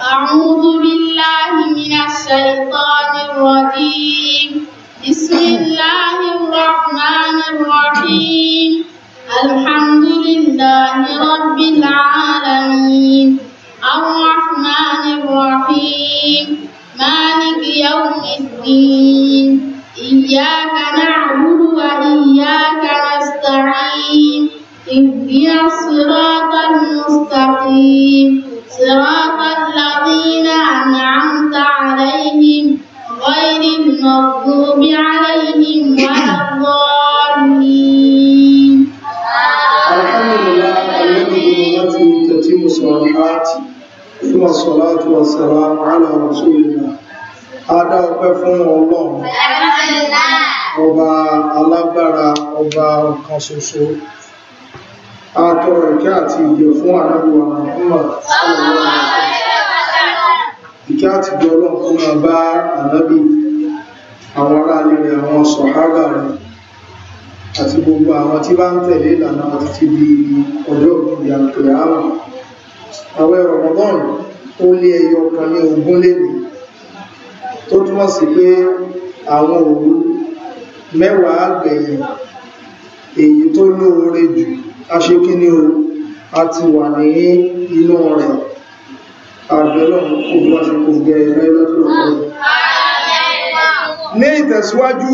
أعوذ بالله من الشيطان الرجيم بسم الله الرحمن الرحيم الحمد لله رب العالمين الرحمن salatu wa salamu ala rasulina adá ọpẹ́ fún ọlọ́run ọba alágbára ọba ọ̀kan ṣoṣo àtọrọ ìkẹ́ àti ìyẹ fún àrẹ́wà Muhammad ìkẹ́ àti ìjọ ọlọ́run kó máa bá ànábì àwọn ará alẹ́rẹ̀ àwọn sọ̀hábà rẹ̀ àti gbogbo àwọn tí bá ń tẹ̀lé ìlànà àti ti di ọjọ́ ìyàpẹ̀ àwọn àwọn ẹ̀rọ mọ́bọ́ọ̀rùn ó lé ẹyọ kan ní ogún lèmi tó túmọ̀ sí pé àwọn òru mẹ́wàá gbẹ̀yìn èyí tó lóore jù aṣekíní o a ti wà ní inú rẹ̀ àgbẹ̀lọ́ òfúwàṣekò gẹ̀ ẹ̀rẹ́ lọ́tọ́lọ́pọ̀ ní ìtẹ̀síwájú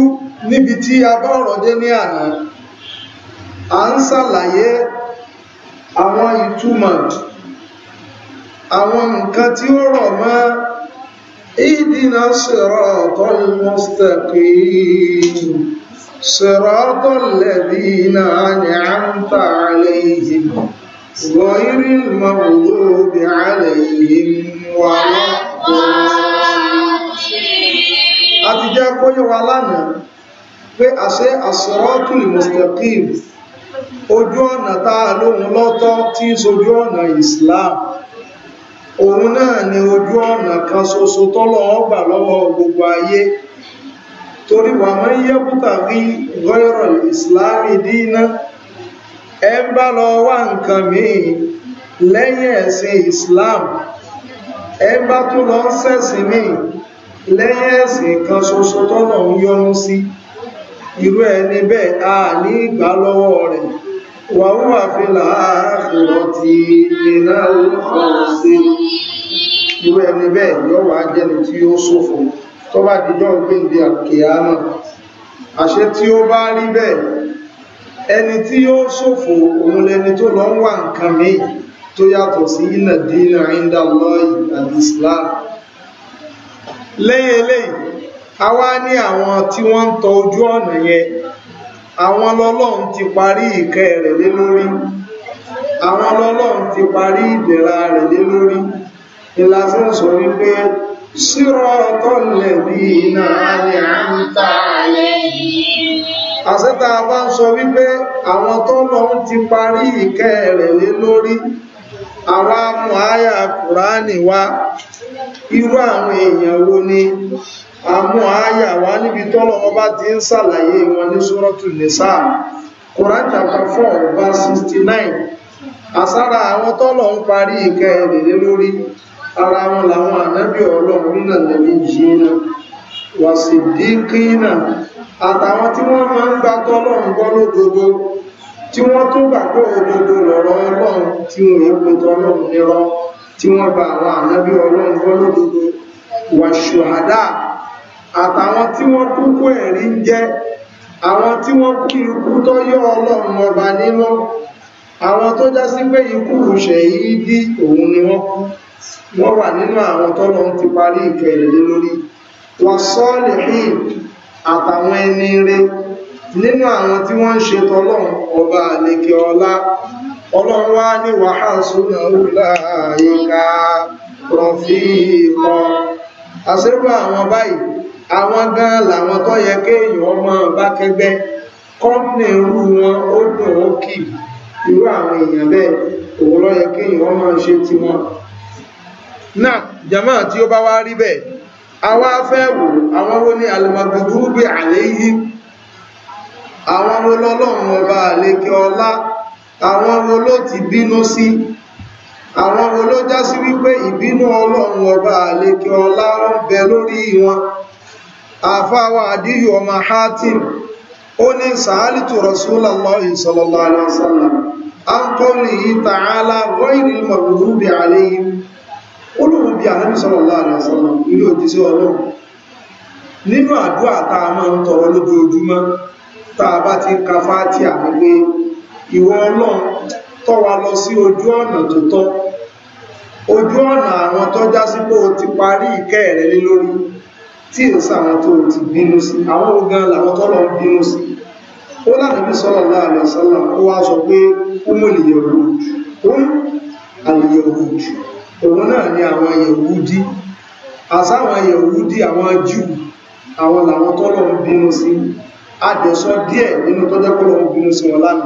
níbi tí a bá ọ̀rọ̀ dé ní àná à ń ṣàlàyé àwọn ìtumọ̀ àwọn nǹkan tí ó rọ̀ mọ́ ìdínà siratal mustaqim siratal ladina an'amta alayhim ghayril maghdubi alayhim wala a ti jẹ́ kó yé wa lánàá pé àṣẹ as-siratul ojú ọ̀nà tá lóhun lọ́tọ̀ tí ń sojú ọ̀nà Islam òun náà ni ojú ọ̀nà kan ṣoṣo lọ́wọ́ gbogbo ayé torí wà mọ́ yẹ́bùtà rí gọ́rọ̀ ìsìláàmì dínà ẹ bá lọ wá nǹkan míì lẹ́yìn ẹ̀sìn islam ẹ bá lọ míì lẹ́yìn ẹ̀sìn kan ń وهو في الآخرة من الخاسرين irú ẹni bẹ́ẹ̀ yóò wá jẹ́ni tí ó ṣòfò tó bá dìjọ́ gbéǹde àkèámà àṣẹ tí ó bá rí bẹ́ẹ̀ ẹni tí ó ṣòfò òun lẹni tó lọ ń wà nǹkan míì tó yàtọ̀ sí iná dínà ìndà lọ́yì àti Islam lẹ́yìn eléyìí a wá ní àwọn tí wọ́n ń tọ ojú ọ̀nà yẹn àwọn lọ́lọ́run ti parí ìkẹ́ rẹ̀ lé lórí àwọn lọ́lọ́run ti parí ìdẹ̀ra rẹ̀ lé lórí ìlàsẹ̀ sọ wípé sírọ́ọ̀tọ́ lẹ̀bí iná alẹ́ àmúta àṣẹ́ta bá ń sọ wípé àwọn tọ́lọ́run ti parí ìkẹ́ rẹ̀ lé lórí àwa mọ̀ áyà kùránì wa irú àwọn èèyàn wo ni àmú àyà wá níbi tọ́lọ̀ wọn bá ti ń ṣàlàyé wọn ní sọ́rọ́tù nìsá Quran chapter four verse sixty nine àsára àwọn tọ́lọ̀ ń parí ìkẹ́ ìrèlé lórí ara wọn làwọn ànábì ọlọ́run náà lẹ́bí yìí náà wà sí dínkínà àtàwọn tí wọ́n máa ń àtàwọn tí wọ́n kúkú ẹ̀rí ń jẹ́ àwọn tí wọ́n kú ikú tó yọ ọlọ́run ọba nímọ́ àwọn tó já sí pé ikú ṣẹ̀yí dí òun ni wọ́n kú wọ́n wà nínú àwọn tọ́lọ́run ti parí ìkẹrẹ̀lẹ́ lórí wọ́n sọ́ọ̀lì hìn àtàwọn ẹni rẹ̀ nínú àwọn tí wọ́n ń ṣe tọ́lọ́run ọba àlekè ọlá ọlọ́run wá ní wàhálà súnà òwúlà àyíká rọ̀fíìkọ àṣẹ́gbà àwọn báyìí àwọn gan làwọn tó yẹ kéèyàn ọmọ bá kẹgbẹ́ kọ́ńtì irú wọn ó dùn ó kì irú àwọn èèyàn bẹ́ẹ̀ òun ló yẹ kéèyàn ọmọ ṣe tiwọn náà jama tí ó bá wá rí bẹ́ẹ̀ àwọn afẹ́wò àwọn wo ni alìmọ̀gbẹ̀gbẹ̀ àléyí àwọn wo lọ́lọ́run ọba àlékẹ ọlá àwọn wo ló ti bínú sí àwọn wo ló já sí wípé ìbínú ọlọ́run ọba àlékẹ ọlá ń bẹ lórí wọn àfáwà adighi ọmọ hatim ó ní sàálìtù rasúlàlọ́hì sallallahu alaihi wasallam an kọ́lù ilé ọlọ́run nínú tá a máa ń tọrọ lójoojúmọ́ tá a bá ti ka fáàtì àmì ìwọ ọlọ́run tọ́ wa lọ sí ojú ọ̀nà tó tọ́ ojú tí è sáwọn tó ti bínú sí àwọn ogan làwọn tọ́lọ ń bínú sí ó lánàbí sallallahu alaihi wasallam ó wá sọ pé ó mú ìyẹ̀wò ó àlìyẹ̀wò òun náà ni àwọn Yẹ̀húdí àsáwọn Yẹ̀húdí àwọn jù àwọn làwọn tọ́lọ ń bínú sí àdẹ̀sọ díẹ̀ nínú tọ́jọ́ pé wọ́n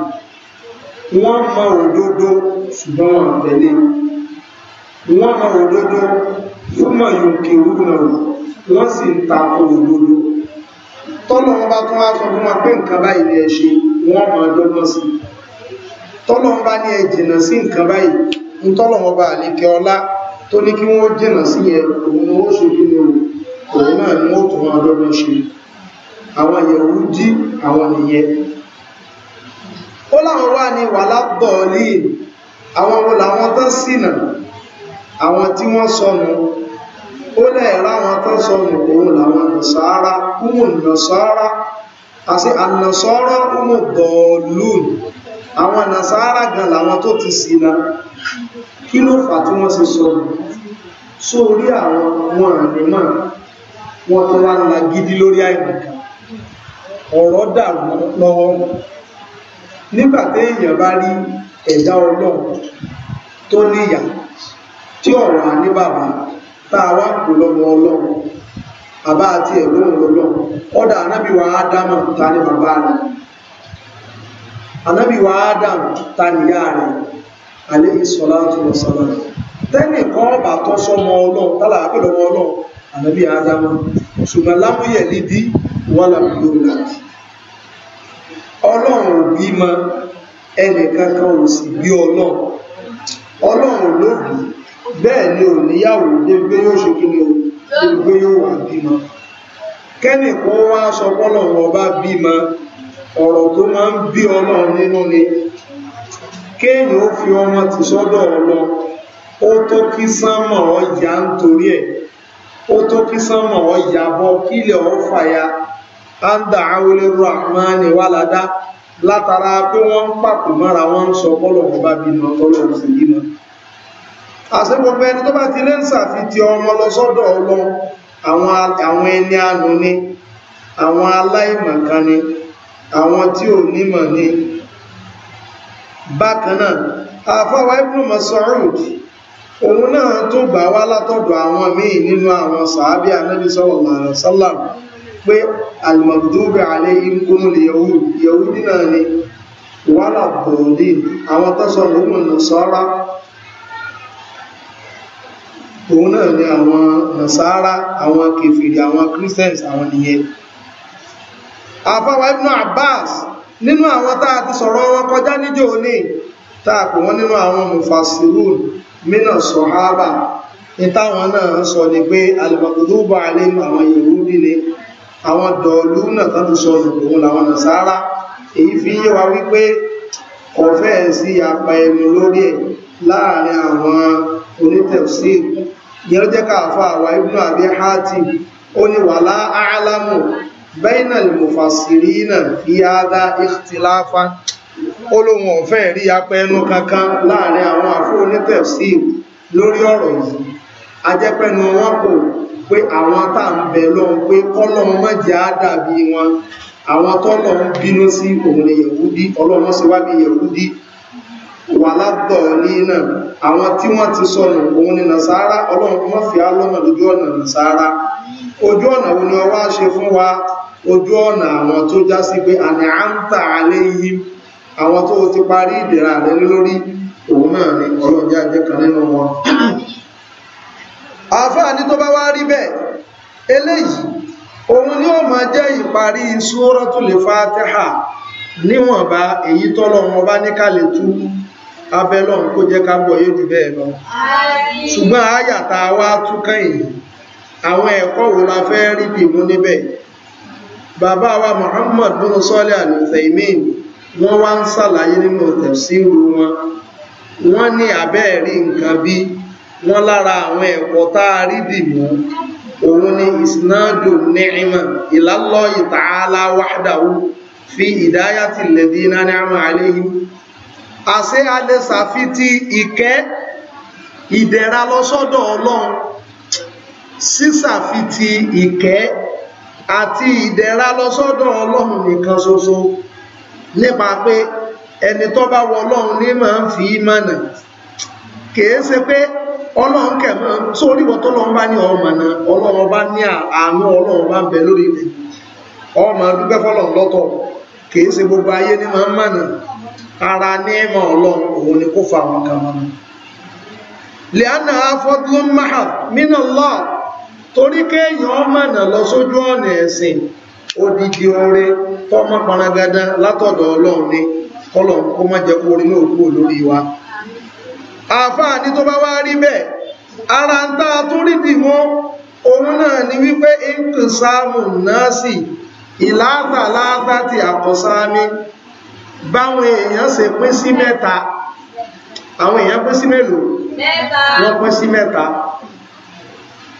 súnmọ̀ yòókè orúkúnà wọ́n sì ń tako òdodo tọ́lọ̀ wọn bá tún wá sọ fún wọn pé nǹkan báyìí ni ẹ ṣe wọ́n mọ̀ ọdọ́gbọ́n sí tọ́lọ̀ wọn bá ní ẹ jìnà sí nǹkan báyìí ń tọ́lọ̀ wọn bá àlékẹ ọlá tó ní kí wọ́n jìnà sí yẹn òun ni wọ́n ṣe bí ní òun òun náà ni wọ́n tún wọn ọdọ́gbọ́n ṣe àwọn yẹ̀wù dí àwọn nìyẹn ó láwọn wà ní wàhálà bọ̀ọ̀lì àwọn wo làwọn tán sínà àwọn tí wọ́n sọnù ó lẹ́ẹ̀rá àwọn tó sọnù òun làwọn nàṣàárá kúmù nàṣàárá àti ànàṣàárá kúmù dọ̀ọ̀lùn àwọn nàṣàárá gan làwọn tó ti ṣìnà kí ló fà tí wọ́n ṣe sọnù sórí àwọn wọn àmì náà wọ́n tó wá ńlá gidi lórí àìmọ̀kan ọ̀rọ̀ dàrú lọ́wọ́ nígbà téèyàn bá rí ẹ̀dá ọlọ́run tó níyà tí ọ̀rọ̀ àní bàbá tá a wá pè lọ́mọ ọlọ́run bàbá àti ẹ̀gbọ́n ọlọ́run ọ̀dà ànábì wa ta ni bàbá rẹ̀ ànábì wa ádámà ta ni ìyá rẹ̀ alayhi salatu wa salam tẹ́nì kan ọba tó sọmọ ọlọ́run tálà pè lọ́mọ ọlọ́run ànábì ádámà ṣùgbọ́n lámúyẹ̀ lídìí wọn làbí yóò láti ọlọ́run ò bí mọ ẹnìkankan ò sì bí ọlọ́run ọlọ́run ló bí bẹ́ẹ̀ ni ò níyàwó débi pé yóò ṣe kí ni o yóò wà bímọ kẹ́nìkan wá sọ pọ́lọ̀wọ̀ bá bímọ ọ̀rọ̀ tó máa ń bí ọlọ́run nínú ni kéèyàn ó fi ọmọ ti sọ́dọ̀ ọlọ ó tó kí sánmọ̀ ọ̀yà ń torí ẹ̀ ó tó kí sánmọ̀ ọ̀yà bọ́ kílẹ̀ ọ̀ fàya áńdà awolérú àmáni wàládá látara pé wọ́n ń pàpò mọ́ra wọ́n ń sọ pọ́lọ̀wọ̀ bá bímọ ọlọ́run sì bímọ àṣẹ gbogbo ẹni tó bá ti lé ń sàfitì ọmọ lọ sọ́dọ̀ ọlọ́run àwọn ẹni àánú ni àwọn aláìmọ̀kan ni àwọn tí ò nímọ̀ ni bákanáà àfáwà Ibn Mas'ud òun náà tó gbà wá látọ̀dọ̀ àwọn míì nínú àwọn sàábí anábì sallallahu alaihi wasallam pé al òun náà ni àwọn nasara àwọn kèfèrí àwọn christians àwọn nìyẹn àfáwà ibn abbas nínú àwọn tá a ti sọ̀rọ̀ wọn kọjá níjò ní tá a pè wọ́n nínú àwọn mufasirun mina sọ̀hábà ìtàwọn náà sọ ni pé al-maghdubu alayhim àwọn yahudi ni àwọn dọ̀ọ̀lú náà tán ti sọ òun làwọn nasara èyí fi yé wa wípé kọ̀fẹ́ sí apá ẹnu lórí ẹ̀ láàrin àwọn onítẹ̀sí yẹn jẹ́ káàfà àwà ibùn àbí hátì ó ní wà láàálámù bẹ́ẹ̀nà lèmọ̀fàṣìrí náà fi ádá ìtìláfà ó lóhun ọ̀fẹ́ rí apẹ́ẹnu kankan láàrin àwọn àfó onítẹ̀sí lórí ọ̀rọ̀ yìí ajẹ́pẹ́nu wọn kò pé àwọn tá ń bẹ̀ pé kọ́lọ́hun má jẹ́ wọn àwọn tọ́lọ́hun bínú sí òun ni yẹ̀wúdí ọlọ́run sì wá bí yẹ̀wúdí wà látọ̀ọ̀lì náà àwọn tí wọ́n ti sọnù òun ni nàṣàárá ọlọ́run wọ́n fi álọ́mọ̀ lójú ọ̀nà nàṣàárá ojú ọ̀nà wo ni ọwá ṣe fún wa ojú ọ̀nà àwọn tó já sí pé àní à ń tà alẹ́ yìí àwọn tó ti parí ìdẹ̀ra rẹ lórí òun náà ni ọlọ́run jẹ́ ajẹ́ kan nínú wọn àfáàní tó bá wá rí bẹ́ẹ̀ eléyìí òun ni ó máa jẹ́ ìparí Suratul Fatiha níwọ̀nba èyí tọ́lọ́run ọba ní ká lè abẹ́lọ́n kó jẹ́ ká gbọ́ yóò jù bẹ́ẹ̀ lọ ṣùgbọ́n àyàtà wa túkàn yìí àwọn ẹ̀kọ́ wo la fẹ́ rí bí mú níbẹ̀ bàbá wa Muhammad bin Salih al-Uthaymin wọ́n wá ń ṣàlàyé nínú tẹ̀síru wọn wọ́n ní àbẹ́ẹ̀rí nǹkan bí wọ́n lára àwọn ẹ̀kọ́ tá a rí dì mú òun ni isnadu ni'ima ila Allahi ta'ala wahdahu fi hidayati alladhina ni'ama alayhim àṣẹ alẹ́ ṣàfitì ìkẹ́ ìdẹ̀ra lọ́sọ́dọ̀ ọlọ́run sísàfitì ìkẹ́ àti ìdẹ̀ra lọ́sọ́dọ̀ ọlọ́run nìkan ṣoṣo nípa pé ẹni tó bá wọ ọlọ́run ní máa ń fi mọ̀nà kìí ṣe pé ọlọ́run kẹ̀mọ́ sórí ìwọ tó lọ́n bá ní ọmọnà ọlọ́run bá ní àánú ọlọ́run bá ń bẹ lórí rẹ̀ ọmọ dúpẹ́ fọlọ́run lọ́tọ̀ kìí ṣe gbogbo ayé ní máa ń mọ̀nà ara ní ìmọ̀ ọlọ́run òun ni kó fa àwọn kan mọ́nà lẹ́ánà afọ́dúnlọ́ máa mínà lọ́ torí kéèyàn lọ sójú ọ̀nà ẹ̀sìn odidi oore tọ́mọ panagada látọ̀dọ̀ ọlọ́run ni kọ́lọ̀ kó má jẹ́ kó orí wa ara ń tá a tún rí dìmọ́ òun náà ni wípé náà sì ti báwọn èèyàn ṣe pín sí mẹ́ta àwọn èèyàn pín sí mélòó wọ́n pín sí mẹ́ta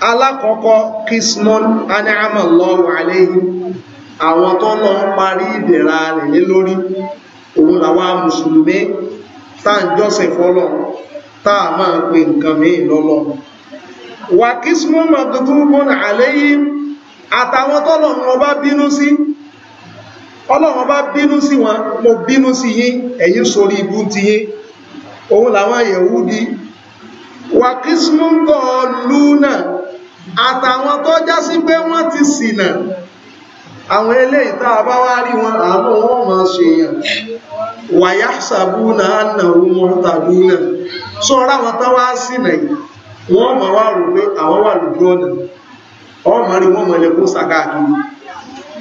alákọ̀ọ́kọ́ kismon anáàmà lọ́wọ́ aléyìn àwọn tó lọ ń parí ìdẹ̀ra rẹ̀ lé lórí òun làwọn mùsùlùmí tá à ń jọ́sìn fọ́lọ̀ tá a máa pe nǹkan mìíràn lọ́lọ́ wà kismon magdubon aléyìn àtàwọn tó lọ ń bá bínú sí ọlọ́run bá bínú sí wọn mo bínú sí yín ẹ̀yin sórí ibú ti yín òun làwọn Yẹ̀húdí wà kìsmúngọ̀ lúnà àtàwọn tó já sí pé wọ́n ti ṣìnà àwọn eléyìí tá a bá wá rí wọn àánú wọn máa ṣe èèyàn wàyá sàbúnà ànà wọn tàbúnà sọ ráwọn tá wá ṣìnà yìí wọ́n máa wá rò pé àwọn wà lójú ọ̀nà ọmọ rí wọn mọ̀lẹ́kùn sàkáàkiri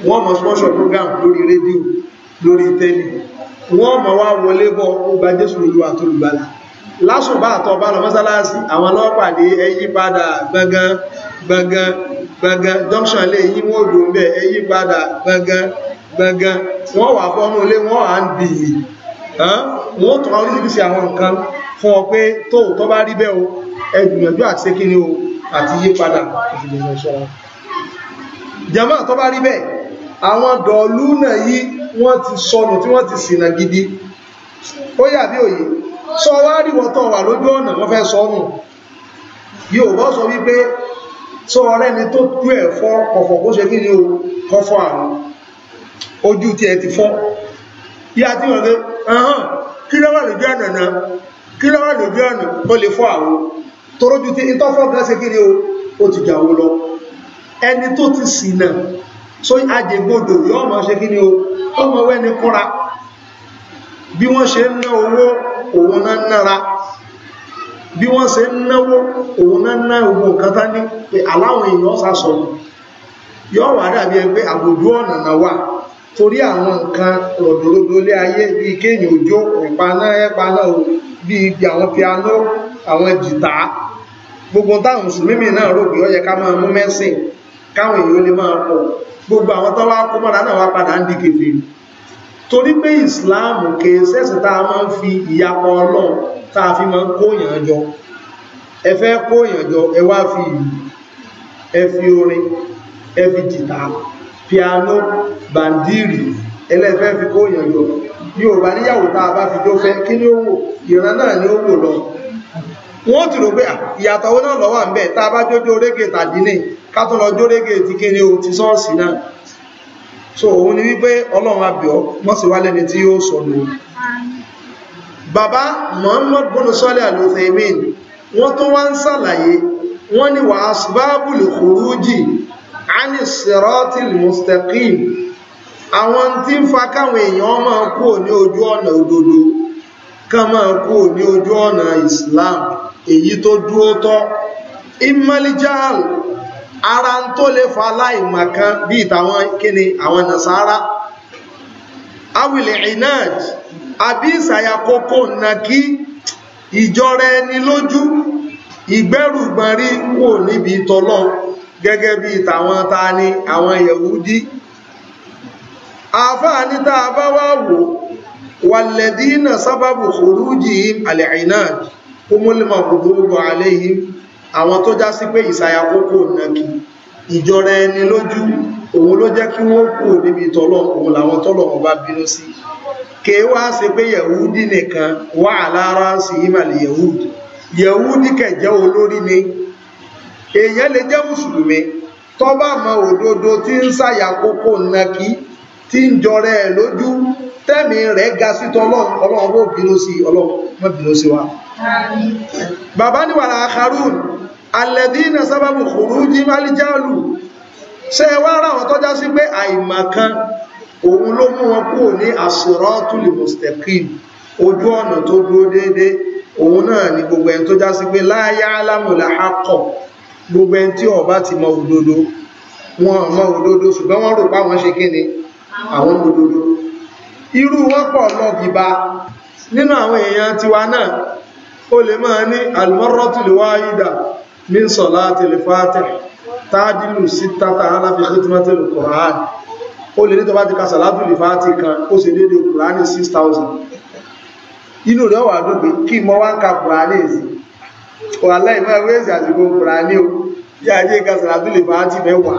wọ́n mọ̀ sponsor program lórí rédíò lórí tẹ́lì wọ́n mọ̀ wá wọlé bọ́ ó gba jésù olúwa tó lùgbàlà lásùbà àtọ̀ bá lọ mọ́sálásí àwọn ọlọ́pàdé ẹyí padà gbọ̀ngàn gbọ̀ngàn gbọ̀ngàn junction lè yí wọ́n dùn bẹ́ẹ̀ ẹyí padà gbọ̀ngàn gbọ̀ngàn wọ́n wà fọ́nú lé wọ́n à ń bìyì wọ́n tún àwọn oríṣiríṣi àwọn nǹkan fún ọ àwọn dọ̀ọ̀lú náà yìí wọ́n ti sọnù tí wọ́n ti ṣìnà gidi ó yà bí òye sọ wá rí wọn tó wà lójú ọ̀nà wọ́n fẹ́ sọnù yóò bọ́ sọ wípé sọ ọ̀rẹ́ ni tó tú ẹ̀ fọ́ kọ̀fọ̀ kó ṣe kí ni o kọ́fọ́ àrùn ojú tí ẹ ti fọ́ yá tí wọ́n gbé ẹ̀hàn kí lọ́wọ́ lójú ọ̀nà náà kí lọ́wọ́ lójú ọ̀nà ó lè fọ́ àrùn torójú tí ìtọ́fọ́ gan ṣe kí ni o ó ti jà wó lọ ẹni tó ti ṣìnà so ajẹgbọdọ yóò mọ ṣe kí ni o ó mọ wẹni kúnra bí wọ́n ṣe ń ná owó òun náà nára bí wọ́n ṣe ń náwó òun náà ná owó ní pé aláwọn èèyàn sá yóò wà dàbí ẹgbẹ́ àbòdú ọ̀nà náà wà torí àwọn nǹkan rọ̀dọ̀rọ̀dọ̀ lé ayé bíi kéèyàn piano àwọn jìtá gbogbo táwọn mùsùlùmí náà rò pé ó yẹ káwọn èèyàn lè máa pọ̀ gbogbo àwọn tó wá kó mọ́ra náà wá padà ń di kèfèrí torí pé Islam kìí ṣẹ̀sì tá a máa ń fi ìyapọ̀ Ọlọ́run tá a fi máa ń kóyàn jọ ẹ kóyàn jọ ẹ fi ìlú orin ẹ fi piano bandiri ẹlẹ́fẹ́ fi kóyàn jọ Yorùbá níyàwó tá a bá fi jó fẹ́ kí ni ó wò ìran náà ni ó wò lọ wọ́n ti rò pé ìyàtọ̀ náà lọ́wọ́ ń bẹ̀ tá a bá jójó rége tàdínì kátó lọ jórégé ti kéde o ti sọ́ọ̀sì náà so òun ni wípé ọlọ́run abìọ́ wọ́n sì wá lẹ́ni tí yóò sọnù bàbá Muhammad bọ́nù sọ́lẹ̀ àlùfẹ́mìn wọ́n tó wá ń sàlàyé wọ́n ni wà asbabul khuruji ani siratil mustaqim àwọn tí ń fa káwọn èèyàn máa kú ní ojú ọ̀nà òdodo ká máa kú ní ojú ọ̀nà Islam èyí tó dúró tọ́ ara ń tó lè fa aláìmọ̀ kan bíi tàwọn kíni àwọn nàṣàrà awìlẹ̀ inaj àbí ìsàyà kókó nàkí ìjọra ẹni lójú ìgbẹ́rùgbọ̀n rí wò níbi tọ́lọ́ gẹ́gẹ́ bí tàwọn ta ni àwọn yẹ̀wúdí àfáà ní tá a bá wá wò wàlẹ̀dínà sábàbù kòrújì alẹ̀ inaj kó mọ́lẹ́mọ̀ gbogbo àlẹ́yìn àwọn tó já sí pé ìsàyà kókó nàbí ìjọra ẹni lójú òun ló jẹ́ kí wọ́n kú níbi tọ́lọ̀ òun làwọn tọ́lọ̀ wọn bá bínú sí kè wá ṣe pé yẹ̀wúdí nìkan wà lára sí ìmàlẹ̀ yẹ̀wúdí yẹ̀wúdí kẹ̀jẹ́ olórí ni èèyàn lè jẹ́ mùsùlùmí tó bá mọ òdodo tí ń sàyà kókó nàkí tí ń jọrẹ ẹ̀ lójú tẹ́mi rẹ̀ ga sí tọ́lọ́run ọlọ́run ó bínú sí ọlọ́run má bínú sí wa. bàbá ní wàrà akharun alẹ́dínà sábàbù khuruji málíjálù ṣé ẹ wá ra àwọn tọ́já sí pé àìmọ̀kan òun ló mú wọn kúrò ní as-siratul mustaqim ojú ọ̀nà tó dúró déédéé òun náà ni gbogbo ẹni tó já sí pé la ya'lamul haqqa gbogbo ẹni tí ó bá ti mọ òdodo wọn mọ òdodo ṣùgbọ́n wọ́n rò pé àwọn ṣe kí ni àwọn olódodo irú wọ́pọ̀ lọ gìbá nínú àwọn èèyàn tiwa náà O lè máa ní almarratul wahida min salatil fatih tadilu sittata ala fi khitmatil Qur'an ó lè ní tó bá ti ka salatul fatih kan ó sì dédé Qur'ani 6000 inú rẹ̀ wà lóbi kí mọ́ wá ń ka Qur'ani èsì wà láì máa wéèsì àsìkò Qur'ani ó yá mẹ́wàá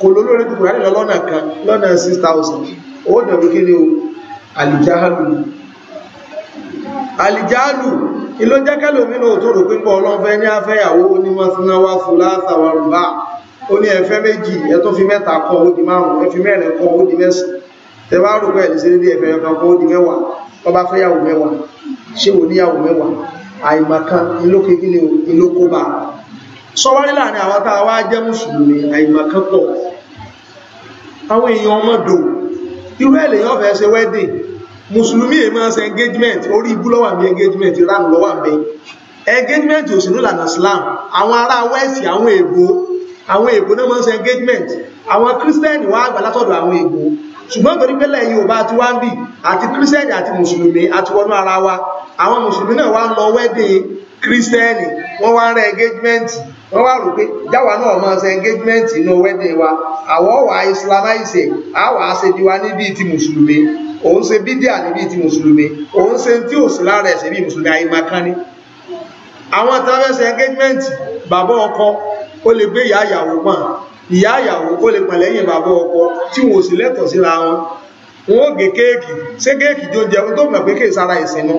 kò ló lórí kùkùrù àìlọ lọ́nà kan lọ́nà 6000 ó dẹ̀rù kí ni o alìjáàlù alìjáàlù iló jẹ́kẹ́lò mínú tó rò pípọ̀ ọlọ́fẹ́ ní afẹ́yàwó onímọ̀sínáwá fúláṣàwárùbá ó ní ẹ̀fẹ́ méjì ẹ fi mẹ́ta kan ó di márùn fi mẹ́rin kan ó di mẹ́sàn tẹ di sọwárí láàrin àwọn tá a wá jẹ́ mùsùlùmí àìmọ̀kan pọ̀ àwọn èèyàn ọmọdò irú ẹ̀ lèyàn ọ̀fẹ́ ṣe wedding mùsùlùmí èèmọ̀ ṣe engagement orí ibú lọ́wọ́ àmì engagement ìranù lọ́wọ́ àmì engagement ò sínú Islam àwọn ará west àwọn èèbó àwọn èèbó náà máa ṣe engagement àwọn kírísítẹ́nì wá àgbà látọ̀dọ̀ àwọn èèbó ṣùgbọ́n torí pẹ́lẹ̀ Yorùbá ti wá ń bì àti kírísítẹ́nì àti mùsùlùmí àti wọnú ara wa àwọn mùsùlùmí náà wá ń lọ wedding kírísítẹ́nì wọ́n wá rán engagement wọ́n wá rò pé jáwa náà máa ṣe engagement inú wedding wa àwọ̀ wà islamize àwọ̀ e. àṣediwa níbi ti mùsùlùmí òun ṣe bídíà níbi ti mùsùlùmí òun ṣe tí ò sí lára ẹ̀sẹ̀ bí mùsùlùmí àyèmàkánni àwọn tàbẹ́sẹ̀ engagement bàbá ọkọ ó lè gbé ìyá ìyàwó pọ̀n ìyá ìyàwó ó lè pọ̀n lẹ́yìn bàbá ọkọ tí wọn ò sì lẹ́tọ̀ọ́ síra wọn wọn ó gé kéèkì ṣé kéèkì tó jẹun tó mọ̀ pé kéè sára ìsinú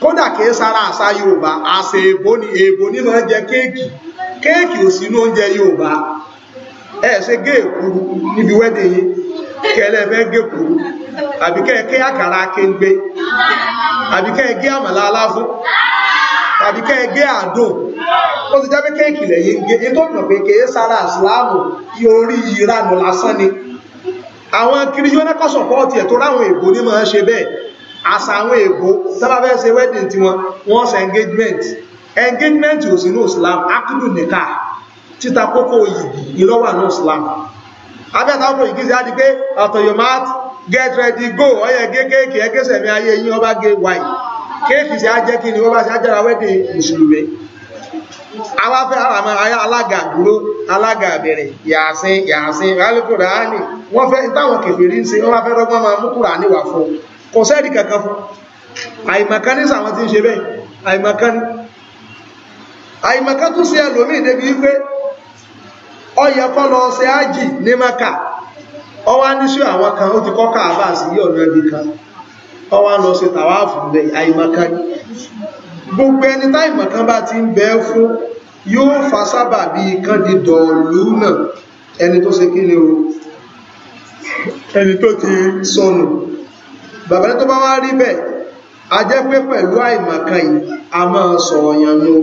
kódà kìí sára àṣà yorùbá àṣà èbó ni èbó ni máa ń jẹ kéèkì kéèkì ò sí ní oúnjẹ yorùbá ẹ ṣe gé níbi wẹ́dẹ̀ yìí kẹlẹ́ fẹ́ gé àbí kẹ́ ẹ ké àkàrà kéńgbé àbí kẹ́ ẹ gé àmàlà aláfún tàbí kẹ́ ẹ gé àdùn ó ti jábé kéèkì lẹ́yìn gé ètò ìmọ̀ kìí sára lásán ni àwọn kiri àṣà àwọn èbó tọ́lá fẹ́ ṣe wedding tiwọn wọ́n ṣe engagement engagement ò sí ní islam akílù nìka títa kókó yìí ìlọ́wà ní islam abẹ́ta kò yìí kí sí á di pé àtọ̀yọ̀mát get ready go ọyẹ kéékèèké ẹgẹ́sẹ̀ mi ayé yín ọba gé wáyé kéèkì sí á jẹ́ kí ni wọ́n bá ṣe á jẹ́ra wedding mùsùlùmí àwa kò sẹ́ẹ̀dì kankan fún àìmọ̀kan ní sàwọn tí ń ṣe bẹ́ẹ̀ àìmọ̀kan ní àìmọ̀kan tún sí ẹlòmíì débi wípé ó yẹ kó lọ ṣe ájì ní maka ó wá níṣú àwọn kan ó ti kọ́ káàbà sí yí ọ̀nà ibi kan ó wá lọ ṣe tàwáàfù bẹ àìmọ̀kan ní gbogbo ẹni táìmọ̀kan bá ti ń bẹ fún yóò fa sábà bí kan di dọ̀ọ̀lú náà ẹni tó ṣe kí ni o ẹni tó ti sọnù bàbá tó bá wá rí bẹ́ẹ̀ a jẹ́ pé pẹ̀lú àìmọ̀kan yìí a máa sọ̀rọ̀ yànnú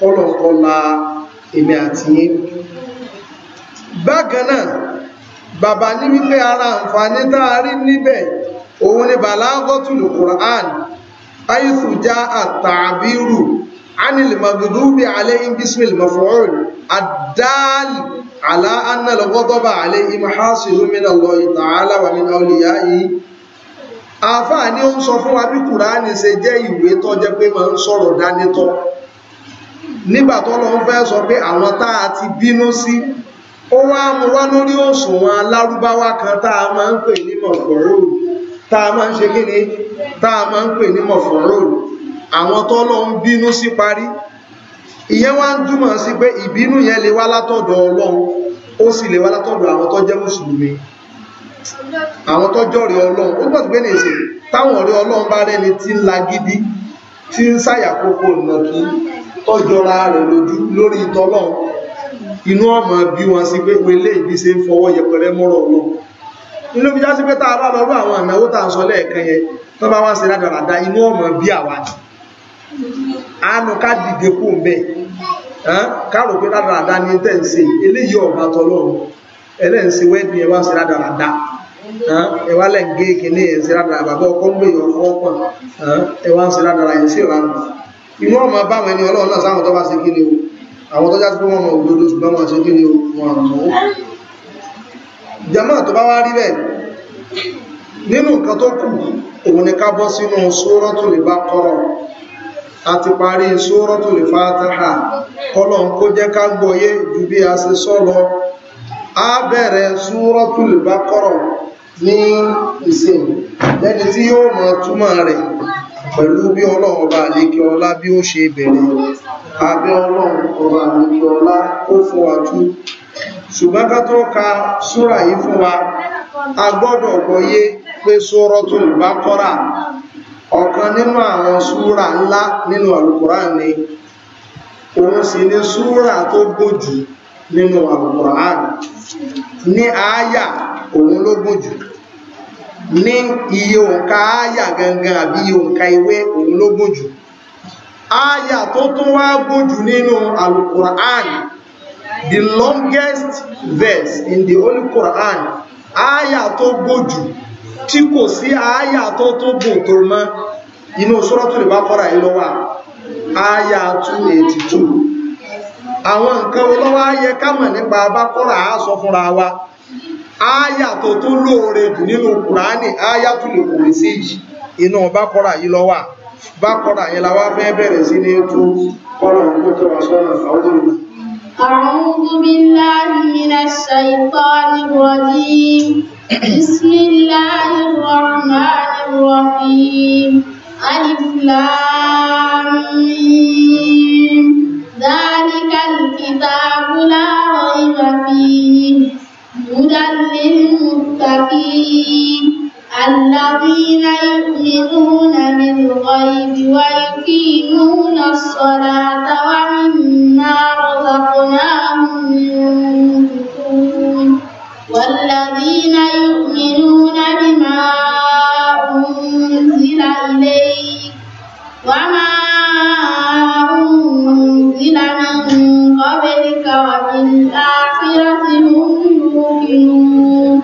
kọ́lọ̀kọ́lá èmi àti yín bákan náà bàbá ní wípé ara àǹfààní tá a rí níbẹ̀ òun ni bàlágọ́tùlù Qur'an ayùsù já àtàbírù ánìlì magdubi alayhim bismil maf'ul àdáàlì àlá annal ghadaba alayhim hasilu min Allah ta'ala wa min awliya'ihi àáfàá ni ó ń sọ fún wa bí kùránì ṣe jẹ́ ìwé tó jẹ́ pé máa ń sọ̀rọ̀ dánítọ́ nígbà tó lọ ń fẹ́ sọ pé àwọn tá a ti bínú sí ó wá mú wá lórí òṣùwọ̀n alárúbáwá kan tá a máa ń pè ní mọ̀fọ́rọ́ọ̀lù tá a máa ń ṣe kíni tá a máa ń pè ní mọ̀fọ́rọ́ọ̀lù àwọn tó lọ ń bínú sí parí ìyẹn wá ń túmọ̀ sí pé ìbínú yẹn lè wá látọ̀dọ̀ Ọlọ́run ó sì lè wá látọ̀dọ̀ àwọn tó jẹ́ mùsùlùmí àwọn tọ́jọ́ rí ọlọ́run ó gbọ́dọ̀ pé nìṣe táwọn ọ̀rẹ́ ọlọ́run bá rẹ́ni tí ń lagídí tí ń ṣàyàkókò ìnàkí tọ́jọ́ra rẹ̀ lójú lórí ìtọ́lọ́run inú ọmọ bí wọn sí pé wọlé ìbí ṣe ń fọwọ́ yẹpẹrẹ mọ́rọ̀ ọlọ́run inú bí já sí pé tá a bá lọ rú àwọn ìnáwó tá à ń sọ lẹ́ẹ̀kan yẹn tó bá wá ṣe rádaràda inú ọmọ bí àwa ni àánú ká dìde kú ń bẹ pé rádaràda ni tẹ̀ ń ṣe eléyìí ọ̀bá tọ́lọ́run ẹlẹ́ǹsẹ̀ wẹ́ẹ̀dì ẹ̀ wá ṣe rádaràda ẹwà lẹ̀ ń gé kìíní ẹ̀ ń sí ládàá bàbá ọkọ̀ ń gbé yọ ọkọ̀ pọ̀ ẹwà ń sí ládàá ẹ̀ ń sí ìlànà inú ọmọ bá wọn ẹni ọlọ́run náà sáwọn tó bá ṣe kíni o àwọn tó jásí pé wọ́n mọ̀ òdodo ṣùgbọ́n wọ́n ṣe kíni o wọ́n mọ̀ jama tó bá wá rí bẹ́ẹ̀ nínú nǹkan tó kù òun ni ká bọ́ sínú suratul Baqara àti parí suratul Fatiha kọlọ̀n kó jẹ́ ká gbọ́yé ju bí ní ìsìn lẹ́ni tí yóò mọ̀ túmọ̀ rẹ̀ pẹ̀lú bí ọlọ́run ọba àlékè ọlá bí ó ṣe bẹ̀rẹ̀ abẹ́ ọlọ́run ọba àlékè ọlá ó fún wa tú ṣùgbọ́n ká tó ka súrà yìí fún wa a gbọ́dọ̀ gbọ́yé pé Suratul Baqara ọ̀kan nínú àwọn súrà ńlá nínú Al-Qur'an ni òun sì ni súrà tó gbójú nínú Al-Qur'an ní àáyà òun ló gùn jù ní iye òǹkà àáyà gangan àbí iye òǹkà ìwé òun ló jù àáyà tó tún wá gùn jù nínú Al-Qur'an the longest verse in the Holy Qur'an àáyà tó gùn jù tí kò sí àáyà tó tó gùn tó mọ́ inú Suratul Baqarah yìí ló wà 282 àwọn nǹkan olówó ayẹ kámọ̀ nípa abákọ́rà á sọ fúnra wa ááyà tó tó lóore jù nínú kùránì ááyà tó lè kòrè sí yìí inú bákọ́rà yìí lọ́wà bákọ́rà yìí la wá fẹ́ bẹ̀rẹ̀ sí ní tú kọ́rọ̀ ọ̀pọ̀ tó wà sọ́nà ذلك الكتاب لا ريب فيه هدى للمتقين الذين يؤمنون بالغيب ويقيمون الصلاة ومما رزقناهم ينفقون والذين يؤمنون بما أنزل إليك وما أنزل من قبلك وبالآخرة هم يوقنون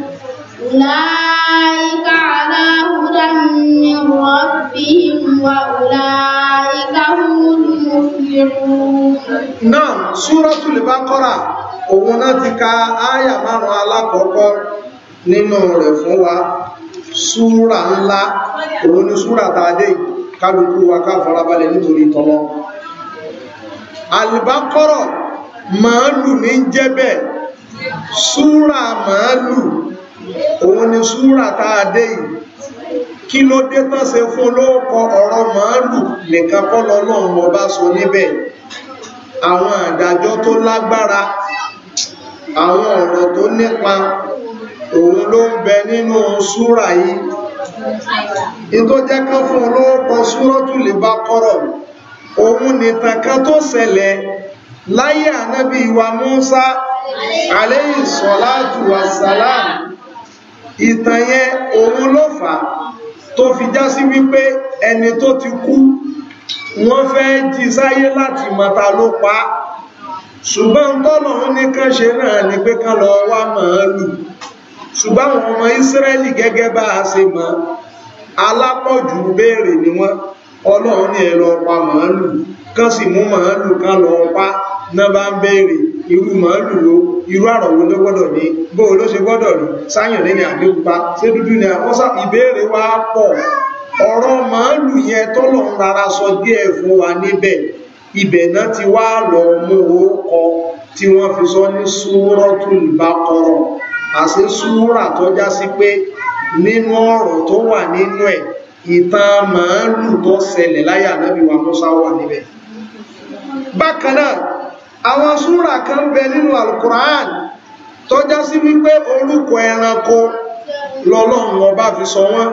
أولئك على هدى من ربهم وأولئك هم المفلحون نعم سورة البقرة òun náà ti ka áyà márùn alákọ̀ọ́kọ́ nínú rẹ̀ fún wa súúrà ńlá òun ni súúrà tàdé kálukú wa ká farabalẹ̀ nítorí tọ́lọ́ àlùbákọ́rọ̀ màálù ní jẹ́ bẹ́ẹ̀ súrà màálù òun ni súrà tá a dé yìí kí ló dé tán ṣe fún lóòkọ ọ̀rọ̀ màálù nìkan kọ́ lọ́lọ́run ọba sọ níbẹ̀ àwọn àdájọ́ tó lágbára àwọn ọ̀rọ̀ tó nípa òun ló ń bẹ nínú súrà yìí ní tó jẹ́ kán fún lóòkọ súrọ́tù lè òun nìtàn kan tó ṣẹlẹ̀ láyé ànábì wa Musa alayhi salatu wassalam ìtàn yẹn òun ló fà tó fi já sí wípé ẹni tó ti kú wọ́n fẹ́ jí sáyé láti mọ̀ta ló pa á ṣùgbọ́n tọ́lọ̀un ní kán ṣe náà ni pé kán lọ wá màálù ṣùgbọ́n àwọn ọmọ Ísírẹ́lì gẹ́gẹ́ bá a ṣe mọ̀ alápọ̀jù béèrè ni wọ́n ọlọ́run ní ẹ lọ pa màálù kán sì mú màálù kán lọ pa náà bá ń béèrè irú màálù ló irú àrọ̀wò ló gbọ́dọ̀ ní bó ló ṣe gbọ́dọ̀ ní sáyàn lẹ́yìn àdéhùpa ṣé dúdú ni àwọn sá ìbéèrè wá pọ̀ ọ̀rọ̀ màálù yẹn tọ́lọ̀ ń rárá sọ díẹ̀ fún wa níbẹ̀ ibẹ̀ náà ti wá lọ mú owó kọ tí wọ́n fi sọ ní súrọ́tul Baqara àti súrà tó já sí pé nínú ọ̀rọ̀ tó wà nínú ẹ̀ ìta màálù tó sẹlẹ̀ láyé ànábì wa wà níbẹ̀ bákan àwọn kan bẹ nínú alukuraan tó sí wípé orúkọ ẹranko lọ́lọ́run ọba fi sọ wọ́n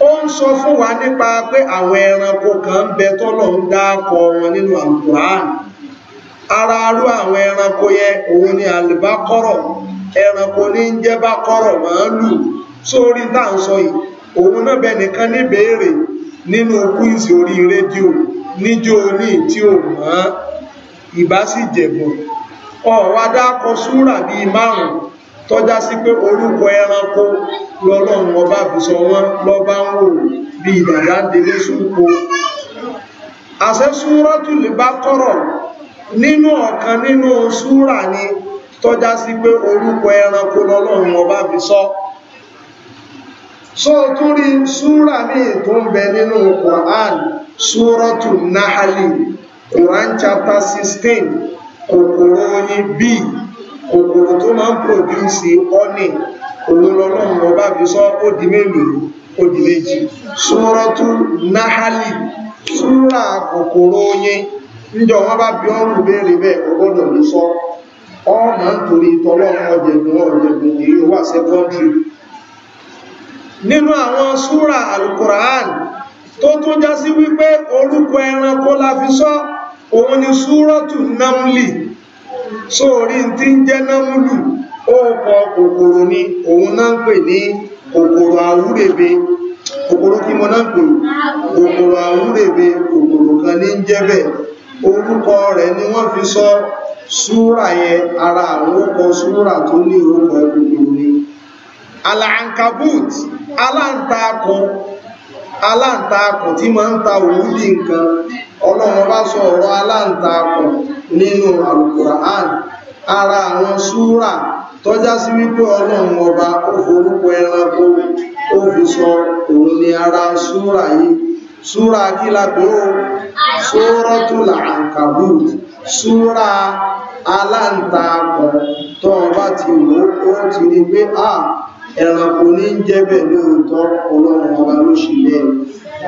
ó ń sọ fún wa nípa pé àwọn ẹranko kan bẹ tọ́lọ̀ ń dákọ wọn nínú alukuraan ara arú àwọn ẹranko òun ni àlùbákọ́rọ̀ ẹranko ní ń jẹ́ bákọ́rọ̀ òun náà bẹ nìkan ní béèrè nínú ìsì orí rédíò níjó oní tí ò mọ́ ìbá sì jẹ̀bọ̀ ọ̀wá dákọ súrà bíi márùn tọ́já sí pé orúkọ ẹranko lọ́lọ́run ọba fi sọ wọ́n lọ́ba ń wò bí délé súnpo àṣẹ bá nínú ọ̀kan nínú súrà ni tọ́já sí pé orúkọ ẹranko lọ́lọ́run ọba so turi sura súrà míì tó ń bẹ nínú Quran súrọ́tù nahali Quran chapter sixteen kòkòrò bíi kokoro tó máa ń si ọ́nì òun lọ́lọ́run fi sọ ó di odi nahali súrà kòkòrò oyin níjọ wọn bá bí ọrùn béèrè sọ nínú àwọn súra alukura'an tó tún já sí wípé orúkọ ẹranko la fi sọ òun ni súrọ́tù námúlì sóòrí tí ń jẹ́ námúlù óòkọ kòkòrò ni òun náà ń pè ní kòkòrò àwúrèbe kòkòrò kí mo náà pè kòkòrò àwúrèbe kòkòrò kan ní ń jẹ́ orúkọ rẹ̀ ni wọ́n fi sọ súrà yẹn ara àwọn orúkọ súrà tó ní orúkọ kòkòrò ni alankabut ala aláǹtakù aláǹtakù tí ma ń ta di nǹkan ọlọ́run bá sọ ọ̀rọ̀ aláǹtakù nínú alukura'an ara àwọn súrà tọ́já sí wípé ọlọ́run ọba ó forúkọ ẹranko ó fi sọ òun ni ara súrà yìí súrà kí lápé ó suratul ankabut súrà aláǹtakù tọ́ ọba ti wò ó ti rí pé a ah, ẹranko ní jẹ́bẹ̀ lóòótọ́ ọlọ́run ọba ló ṣì lẹ́rù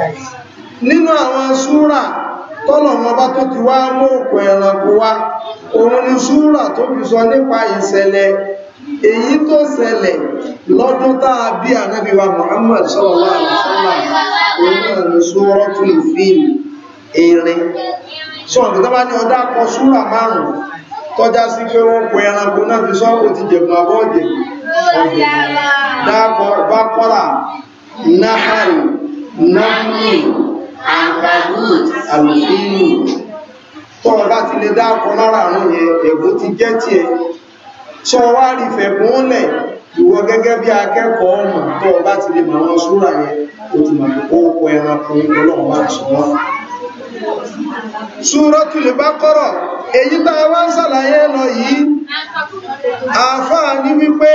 e. nínú àwọn súrà tọ́lọ̀ wọn bá tó ti wá mú òkú ẹranko wá òun ni súrà tó fi sọ nípa ìṣẹ̀lẹ̀ èyí tó ṣẹlẹ̀ lọ́dún táa Muhammad òun náà ni tó dákọ̀ bákọ́rà náhàrù náhàrù àgbàdùn àlùfínù tọ́rọ bá ti lè dákọ̀ lára àrùn yẹn ẹ̀bùn ti jẹ́ ti ẹ̀ ṣọ́ wá rí fẹ̀bùn lẹ̀ ìwọ gẹ́gẹ́ bí akẹ́kọ̀ọ́ ọmọ tọ́rọ bá ti lè mọ̀ wọn súra yẹn ó ti mọ̀ pé ó kọ ẹranko ọlọ́run máa sọ wọn Suratul bakọrọ èyí tá a wá ń ṣàlàyé lọ yìí àáfàá wípé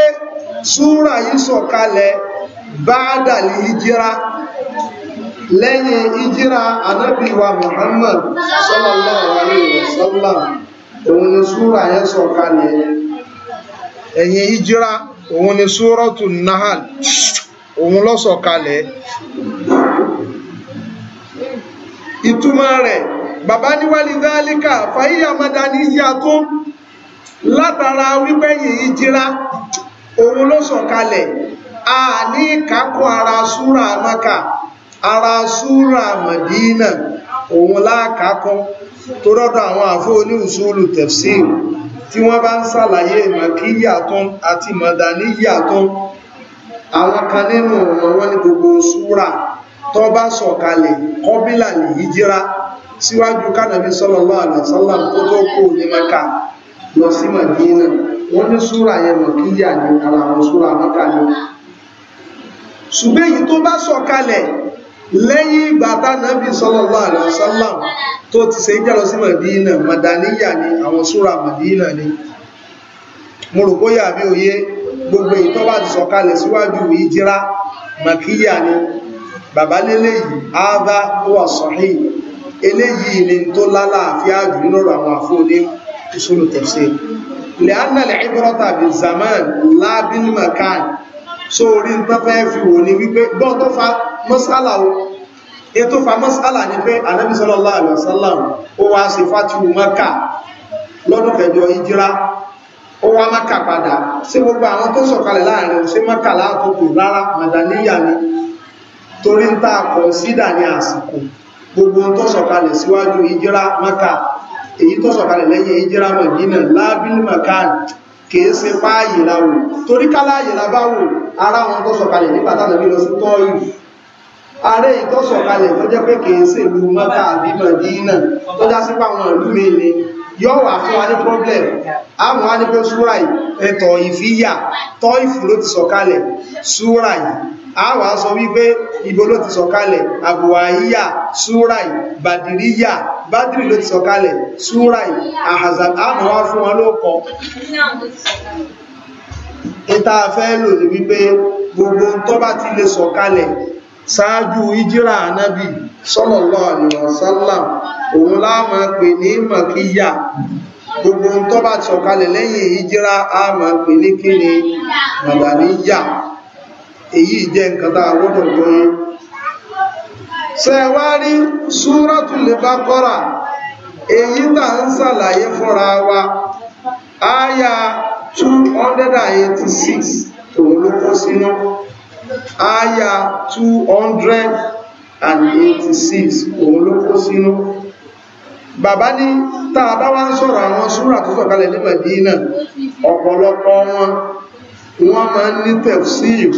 sura yìí sọ̀kalẹ̀ ba'dal hijira lẹ́yìn hijira Ànábì wa Muhammad sallallahu alaihi wasallam òun ni sura yẹn sọ̀kalẹ̀ ẹ̀yìn hijira òun ni òun sọ̀kalẹ̀ ìtumọ̀ rẹ̀ bàbá ní wàlídálíkà fàyíyà madani yíya tó látara wípé yìí jíra òun ló sọ̀kalẹ̀ a ní ìkákọ́ ara súra maka ara súra madina òun láàkákọ́ tó rọ́dọ̀ àwọn àfó ní usulu tafsir tí wọ́n bá ń sàlàyé màkíyà tó àti madani yíya tó àwọn kan nínú ọ̀rọ̀ wọn ní gbogbo súra tó bá sọ̀kalẹ̀ kọ́bílà lè hijira síwájú kánàbí sallallahu alaihi wasallam tó tó kó ní mẹ́ka lọ sí Mádínà wọ́n ní súra yẹn mọ̀kíyà ní ara àwọn súra mẹ́ka ní ṣùgbẹ́yìn tó bá sọ̀kalẹ̀ lẹ́yìn ìgbà tánàbí sallallahu alaihi wasallam tó ti ṣe jẹ́ lọ sí Mádínà màdàníyà ní àwọn súra Mádínà ní mo rò bóyá àbí òye gbogbo ìtọ́ bá ti sọ̀kalẹ̀ síwájú hijira mọ̀kíyà ní bàbá lélẹ́yìí ábá wà sọ̀hìn eléyìí ni tó lálàáfíà jù nínú ọ̀rọ̀ àwọn àfóní ìṣòro tafsir lẹ́ánà lẹ́ẹ̀bọ́rọ́ta bí zaman lábílì makan so orí n tó fẹ́ fi wò ní wípé gbọ́n tó fa mọ́sálà o e tó fa mọ́sálà ní pé Ànábì sallallahu alaihi wasallam ó wá sí fatihu maka lọ́dún kẹjọ ìjírá ó wá maka padà sí gbogbo àwọn tó sọ̀kalẹ̀ láàrin sí maka látòkù rárá madaniya ni torí ń tàà kọ̀nsídà ní àsìkò gbogbo tó sọ̀kalẹ̀ síwájú ìjírá maka èyí tó sọ̀kalẹ̀ lẹ́yìn ìjírá mẹ̀dínà lábínú makan kìí ṣe páàyè láwò torí káláyè lábáwò ara wọn tó sọ̀kalẹ̀ ní pàtàkì lọ sí tọ́ọ̀yù ààrẹ ìtọ́sọ̀kalẹ̀ tó jẹ́ pé kìí ṣe ìlú maka àbí mẹ̀dínà tó já sí pàwọn ìlú mi ni yóò wà fún wa ní problem àwọn wá ní pé súra ẹ̀tọ̀ ìfíyà tọ́ ìfù ló ti sọ̀kalẹ̀ súra yìí àwa sọ wípé ibo ló ti sọ̀kalẹ̀ àbùwàíyà súra yìí bàdìríyà bádìrì ló ti sọ̀kalẹ̀ súra àhàzà àwọn wá fún wọn ló kọ sallallahu alaihi wasallam òun láàmà pè ní mọ̀kíyà gbogbo ohun tó bá ti sọ̀kalẹ̀ lẹ́yìn ìjíra àmà pè ní kíni màdàníyà èyí jẹ́ nǹkan tá a gbọ́dọ̀ gan sẹ́wárí súratul Baqara èyí tà ń ṣàlàyé fúnra wa áyà 286 òun ló kó sínú áyà 286 òun ló kó sínú bàbá ní tàà bá wá ń sọ̀rọ̀ àwọn súrà tó sọ̀kalẹ̀ ní Mẹ̀dínà ọ̀pọ̀lọpọ̀ wọn wọ́n máa ń ní tẹ̀fsíìr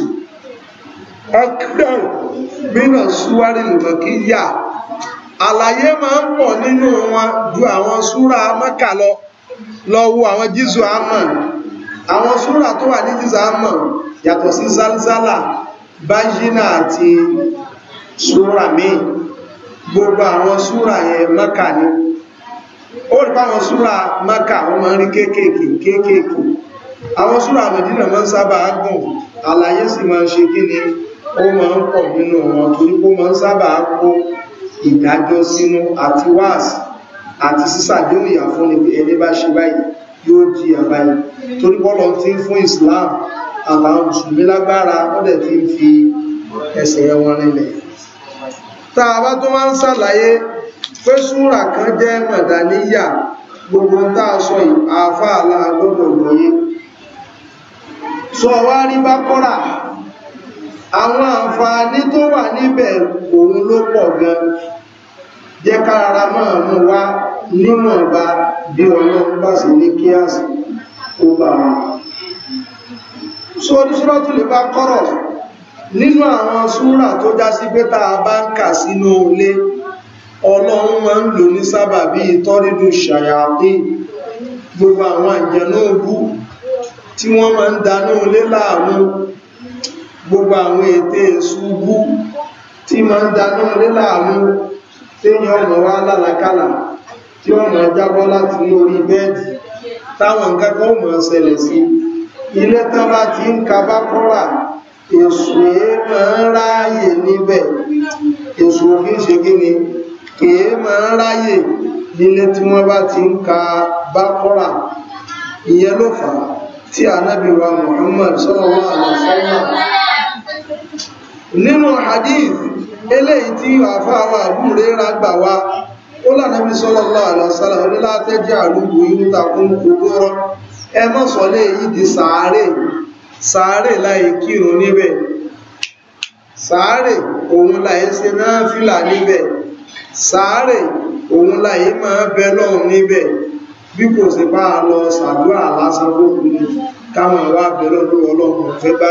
akdar mina suwari lùmọ̀kíyà àlàyé máa ń pọ̀ nínú wọn ju àwọn súrà Mẹ́kà lọ lọ wo àwọn jísù àmọ́ àwọn súrà tó wà ní jísù àmọ́ yàtọ̀ sí zálzálà bájínà àti súrà míì gbogbo àwọn súra yẹn mọ́kà ní ó rí báwọn súra mọ́kà wọ́n máa ń rí kéékèèké kéékèèké àwọn súra Mẹdínà máa ń sábà gùn àlàyé sì máa ń ṣe kí ni ó máa ń pọ̀ nínú wọn torí ó máa ń sábà kó ìdájọ́ sínú àti wáàsì àti sísàdéhùn ìyà fún ni pé ẹni bá ṣe báyìí yóò di àbáyé torí bọ́lọ̀ tí ń fún Islam àtàwọn mùsùlùmí lágbára wọ́n dẹ̀ ti ń fi ẹsẹ̀ wọn rinlẹ̀ tá a bá tó máa ń ṣàlàyé pé súrà kan jẹ́ mọ̀dàníyà gbogbo tá a sọ yìí àáfà aláàgbọ́dọ̀ wòye sọ wá rí bákọ́rà àwọn àǹfààní tó wà níbẹ̀ òun ló pọ̀ gan jẹ́ kárara máa mú wá níwọ̀nba bí ọlọ́run bá sì ní kíyàsí ó bá wọn sọ oníṣúrọ́tù lè bá kọ́rọ̀ nínú àwọn súrà tó já sí pé tá a bá ń kà sínú ilé ọlọ́run máa ń lò ní sábà bí tọ́rídù ṣàyàtí gbogbo àwọn àjẹ̀nú òbú tí wọ́n máa ń danú ilé láàmú gbogbo àwọn ètè ìṣubú tí máa ń danú ilé láàmú téèyàn ọmọ wá lálàkàlà tí ọmọ jábọ́ láti lórí bẹ́ẹ̀dì táwọn nǹkan kan mọ̀ ṣẹlẹ̀ sí ilé tán bá ti ń ka bá kọ́ra èsù èé máa ń ráyè níbẹ̀ èsù òfin ṣe kí èé máa ń ráyè nílé tí wọ́n bá ti ń ka bákọ́rà ìyẹn ló fà á tí ànábì wa Muhammad sallallahu alaihi nínú hadith eléyìí tí àfáà wa àbúrò rà gbà wá ó lànàbí sallallahu alaihi wasallam onílàtẹ́jẹ́ àrùgbò yìí ń ta fún kòkòrò ẹ mọ́sọ̀lẹ́ yìí di sàárè sàárè láì kírun níbẹ̀ sàárè òun láì ṣe náfìlà níbẹ̀ sàárè òun láì máa bẹ lọ́hùn níbẹ̀ bí kò sì bá a lọ ṣàdúrà lásán tó kù ní káwọn ìwà abẹ́rẹ́ ló ọlọ́run ọ̀fẹ́ bá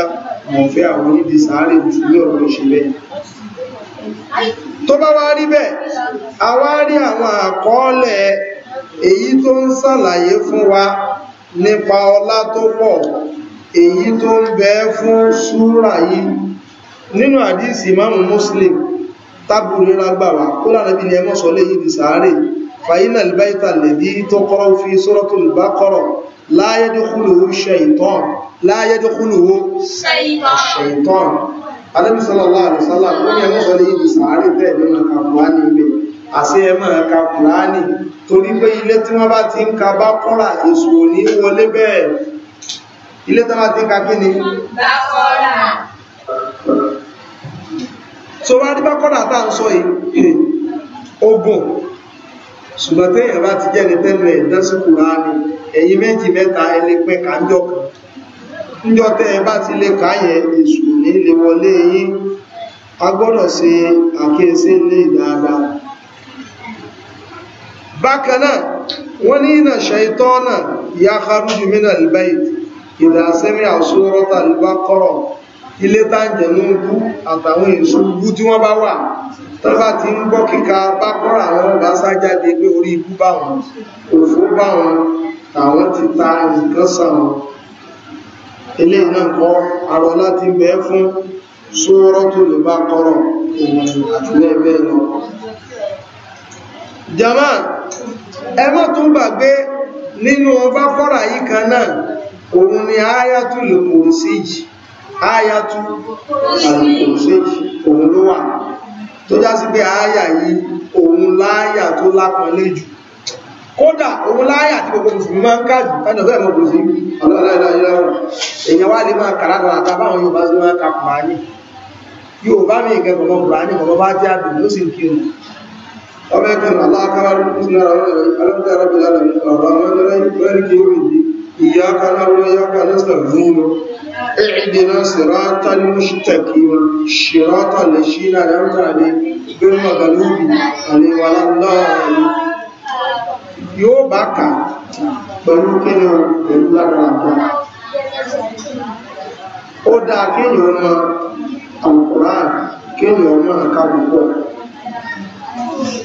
mọ̀fẹ́ àwọn onídìí sàárè ìṣúlẹ̀ ọ̀rọ̀ ṣe bẹ́ẹ̀ tó bá wá rí bẹ́ẹ̀ a wá rí àwọn àkọọ́lẹ̀ èyí tó ń ṣàlàyé fún wa nípa ọlá tó pọ̀ èyí tó ń bẹ fún súrà yìí nínú àdísì imáàmù muslim tábùrí rágbàwà kó lánàbí ni ẹmọ́ sọ léyìí di sàárè fàyínà ìbáyìtà lèdí tó kọ́rọ̀ fi suratul baqara la yadkhuluhu shaytan la yadkhuluhu shaytan anábì bá ti ń ilé tó máa ti ka kí ni bákọ́rà so wá ní bákọ́rà tá ń sọ yìí ogun ṣùgbọ́n téèyàn bá ti jẹ́ni tẹ́lẹ̀ ìdásíkò láàrin ẹ̀yìn méjì mẹ́ta ẹlẹ́pẹ́ kàńjọ kan níjọ́ tẹ́ ẹ bá ti lè káyẹ èṣù ní lè wọlé yín a gbọ́dọ̀ ṣe àkíyèsí lè dáadáa bákan náà wọ́n ní ìnà ṣe ìtọ́ náà ìyá kárújù mínà ìbáyìí ìdásẹ́mí àṣúrọ́ta lùbá kọ́rọ̀ ilé táǹjẹ̀nú bú àtàwọn èso bú tí wọ́n bá wà tọ́bá ti ń gbọ́ kíka bá kọ́rọ̀ àwọn ọba sájáde pé orí ibú bá wọn òfó bá wọn àwọn ti ta nǹkan sàwọn ilé náà kọ́ arọ láti bẹ́ fún sóòrọ́ tó lè bá kọ́rọ̀ òun àti òun ni ayatul kùrùsí yìí ayatul kùrùsí yìí òun ló wà tó pé aya yìí òun láyà tó lápọnlé jù kódà òun láyà tí gbogbo mùsùlùmí máa ń kájù ẹni ọ̀fẹ́ ìmọ̀ kùrùsí ọlọ́ọ̀lọ́ọ̀lọ́ọ̀lọ́ èèyàn wá lè máa kà látara àtàbáwọn Yorùbá sí máa ka kùránì Yorùbá mi ìkẹ́kọ̀ọ́ jẹ́ sì ń ọmọ ẹgbẹ́ aláàkárá ló إياك نعبد وإياك نستعين اهدنا صراط المستقيم صراط الذين أنعمت عليهم غير المغضوب عليهم ولا الضالين yóò bá kà pẹ̀lú kíni pẹ̀lú lára àgbà ó dáa kíni ọmọ àwòrán kíni ọmọ àká púpọ̀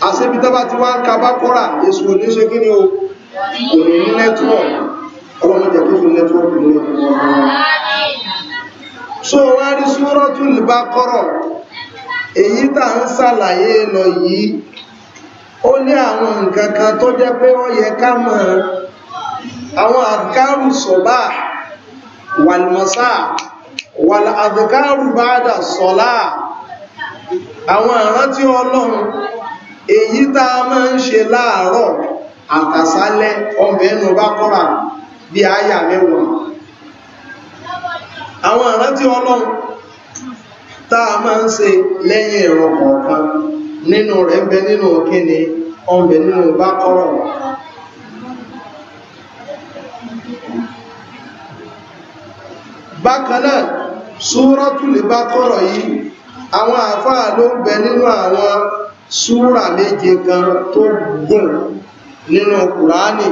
àṣẹbítọ́ bá ti wá ń ka bá kọ́ra èso oníṣẹ́ kíni o kò ní ní nẹ́tíwọ̀n so wá rí Suratul Baqara èyí tà ń ṣàlàyé lọ yìí ó ní àwọn nǹkan kan tó jẹ́ pé ó yẹ ká mọ̀ àwọn àdìkárù sọ̀bá wàlmọ́sá wàlàdìkárù ba'da sọ̀lá àwọn ìrántí ọlọ́run èyí tá a máa ń ṣe láàárọ̀ àtàsálẹ́ ọmọ ẹnu bá bí àyà mẹ́wàá àwọn ìrántí ọlọ́run tá a máa ń ṣe lẹ́yìn ẹ̀rọ kọ̀ọ̀kan nínú rẹ̀ ń bẹ nínú kíni ọ̀bẹ nínú bá kọ́rọ̀ bákan náà súrọ́tù lè bá kọ́rọ̀ yìí àwọn àfáà ló ń bẹ nínú àwọn súrà méje kan tó gùn nínú kùránì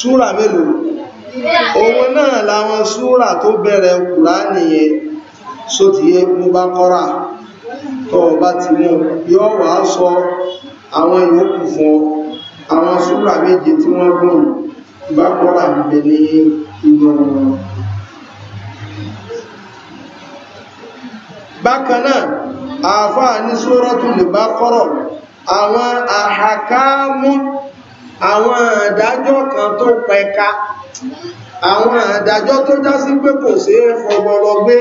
súrà mélòó òun náà làwọn súrà tó bẹ̀rẹ̀ só yẹn sótìyé mú bá kọ́ra tó o bá ti mú yọ wà á sọ àwọn ìyókù fún ọ àwọn súrà méje tí wọ́n gùn bá kọ́ra ń bẹ ní inú wọn. bákanáà àfáà ní sórọ́tù lè bá kọ́rọ̀ àwọn àhàkámú àwọn àdájọ́ kan tó pẹ̀ka àwọn àdájọ́ tó já sí pé kò sí fọgbọrọ gbé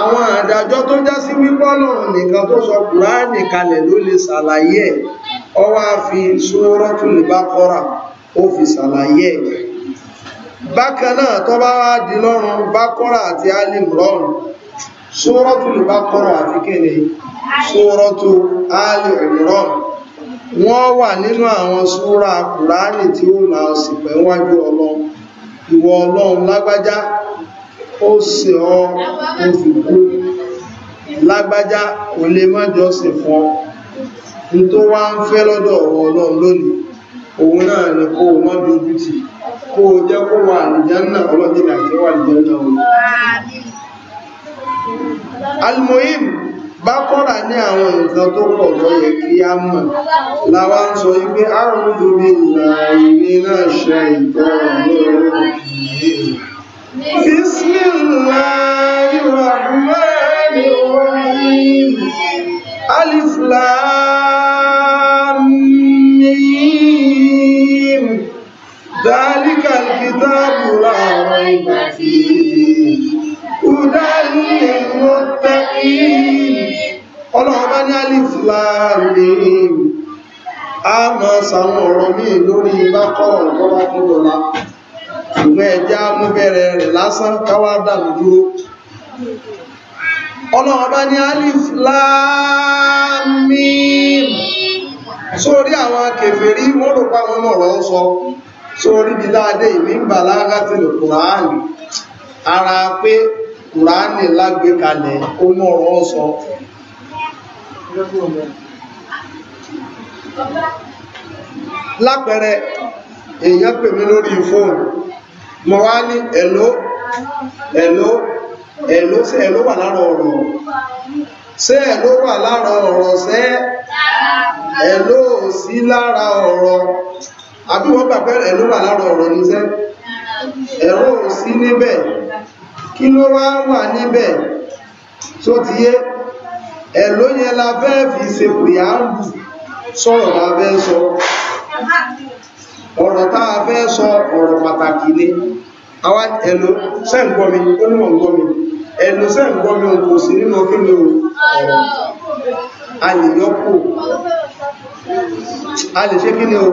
àwọn àdájọ́ tó já sí wípé Ọlọ́run nìkan tó sọ Kùránì kalẹ̀ ló lè ṣàlàyé ẹ̀ ó wá fi Suratul Baqara ó fi ṣàlàyé ẹ̀ bákan náà tó bá wá di lọ́rùn Baqara àti Al-Imran Suratul Baqara àti kẹ́lẹ̀ Suratul Al-Imran wọ́n wà nínú àwọn súra kùránì tí ó là ọ sì pẹ̀ wájú ọlọ́run ìwọ ọlọ́run lágbájá ó sì ọ oṣù kú lágbájá kò lè mọ́jọ sì fún ọ n tó wá ń fẹ́ lọ́dọ̀ ọ̀rọ̀ ọlọ́run lónìí òun náà ni kó o mọ́ dojú ti kó o jẹ́ kó wà àlùjànnà ọlọ́dún àti wà àlùjànnà òun bákọ́rà ní àwọn nǹkan tó pọ̀ lọ́yẹ kí a mọ̀ láwá ń sọ wípé àrùndù bí ìlàrí náà ṣe Bismillahirrahmanirrahim Alif Lam Mim Dhalika al-kitabu ọlọ́run bá ní alif láàrin a mọ́ sàwọn ọ̀rọ̀ míì lórí bákọ́rọ̀ lọ́wọ́ dúdọ̀lá ṣùgbọ́n ẹjá mú bẹ̀rẹ̀ rẹ̀ lásán káwá dàbí dúró ọlọ́run ní alif láàmín sórí àwọn kèfèrí mọ́rùpá wọn mọ̀rọ̀ sọ sórí bí láadé ìmìnbà lágátìlù kùránì ara pé kùránì lágbékalẹ̀ ó mọ̀rọ̀ sọ lápẹẹrẹ èèyàn pè mí lórí fóònù mo wá ní ẹ̀ló ẹ̀ló ẹ̀ló ṣé ẹ̀ló wà lára ọ̀rọ̀ ṣé ẹ̀ló wà lára ọ̀rọ̀ ṣé ẹ̀ló ò sí lára ọ̀rọ̀ àbí wọ́n gbà pé ẹ̀ló wà lára ọ̀rọ̀ ní ṣé ẹ̀rọ sí níbẹ̀ kí ló wá wà níbẹ̀ tó ti yé ẹ̀ ló yẹn la fẹ́ fi ṣe pìyàmbù sọ̀rọ̀ la fẹ́ sọ ọ̀rọ̀ tá a fẹ́ sọ ọ̀rọ̀ pàtàkì ni àwa ẹ̀lò sẹ́ǹgbọ́mi onímọ̀ǹgbọ́mi ẹ̀lò sẹ́ǹgbọ́mi kò sí nínú kíni o ọ̀rọ̀ a lè yọkù a lè ṣe kíni o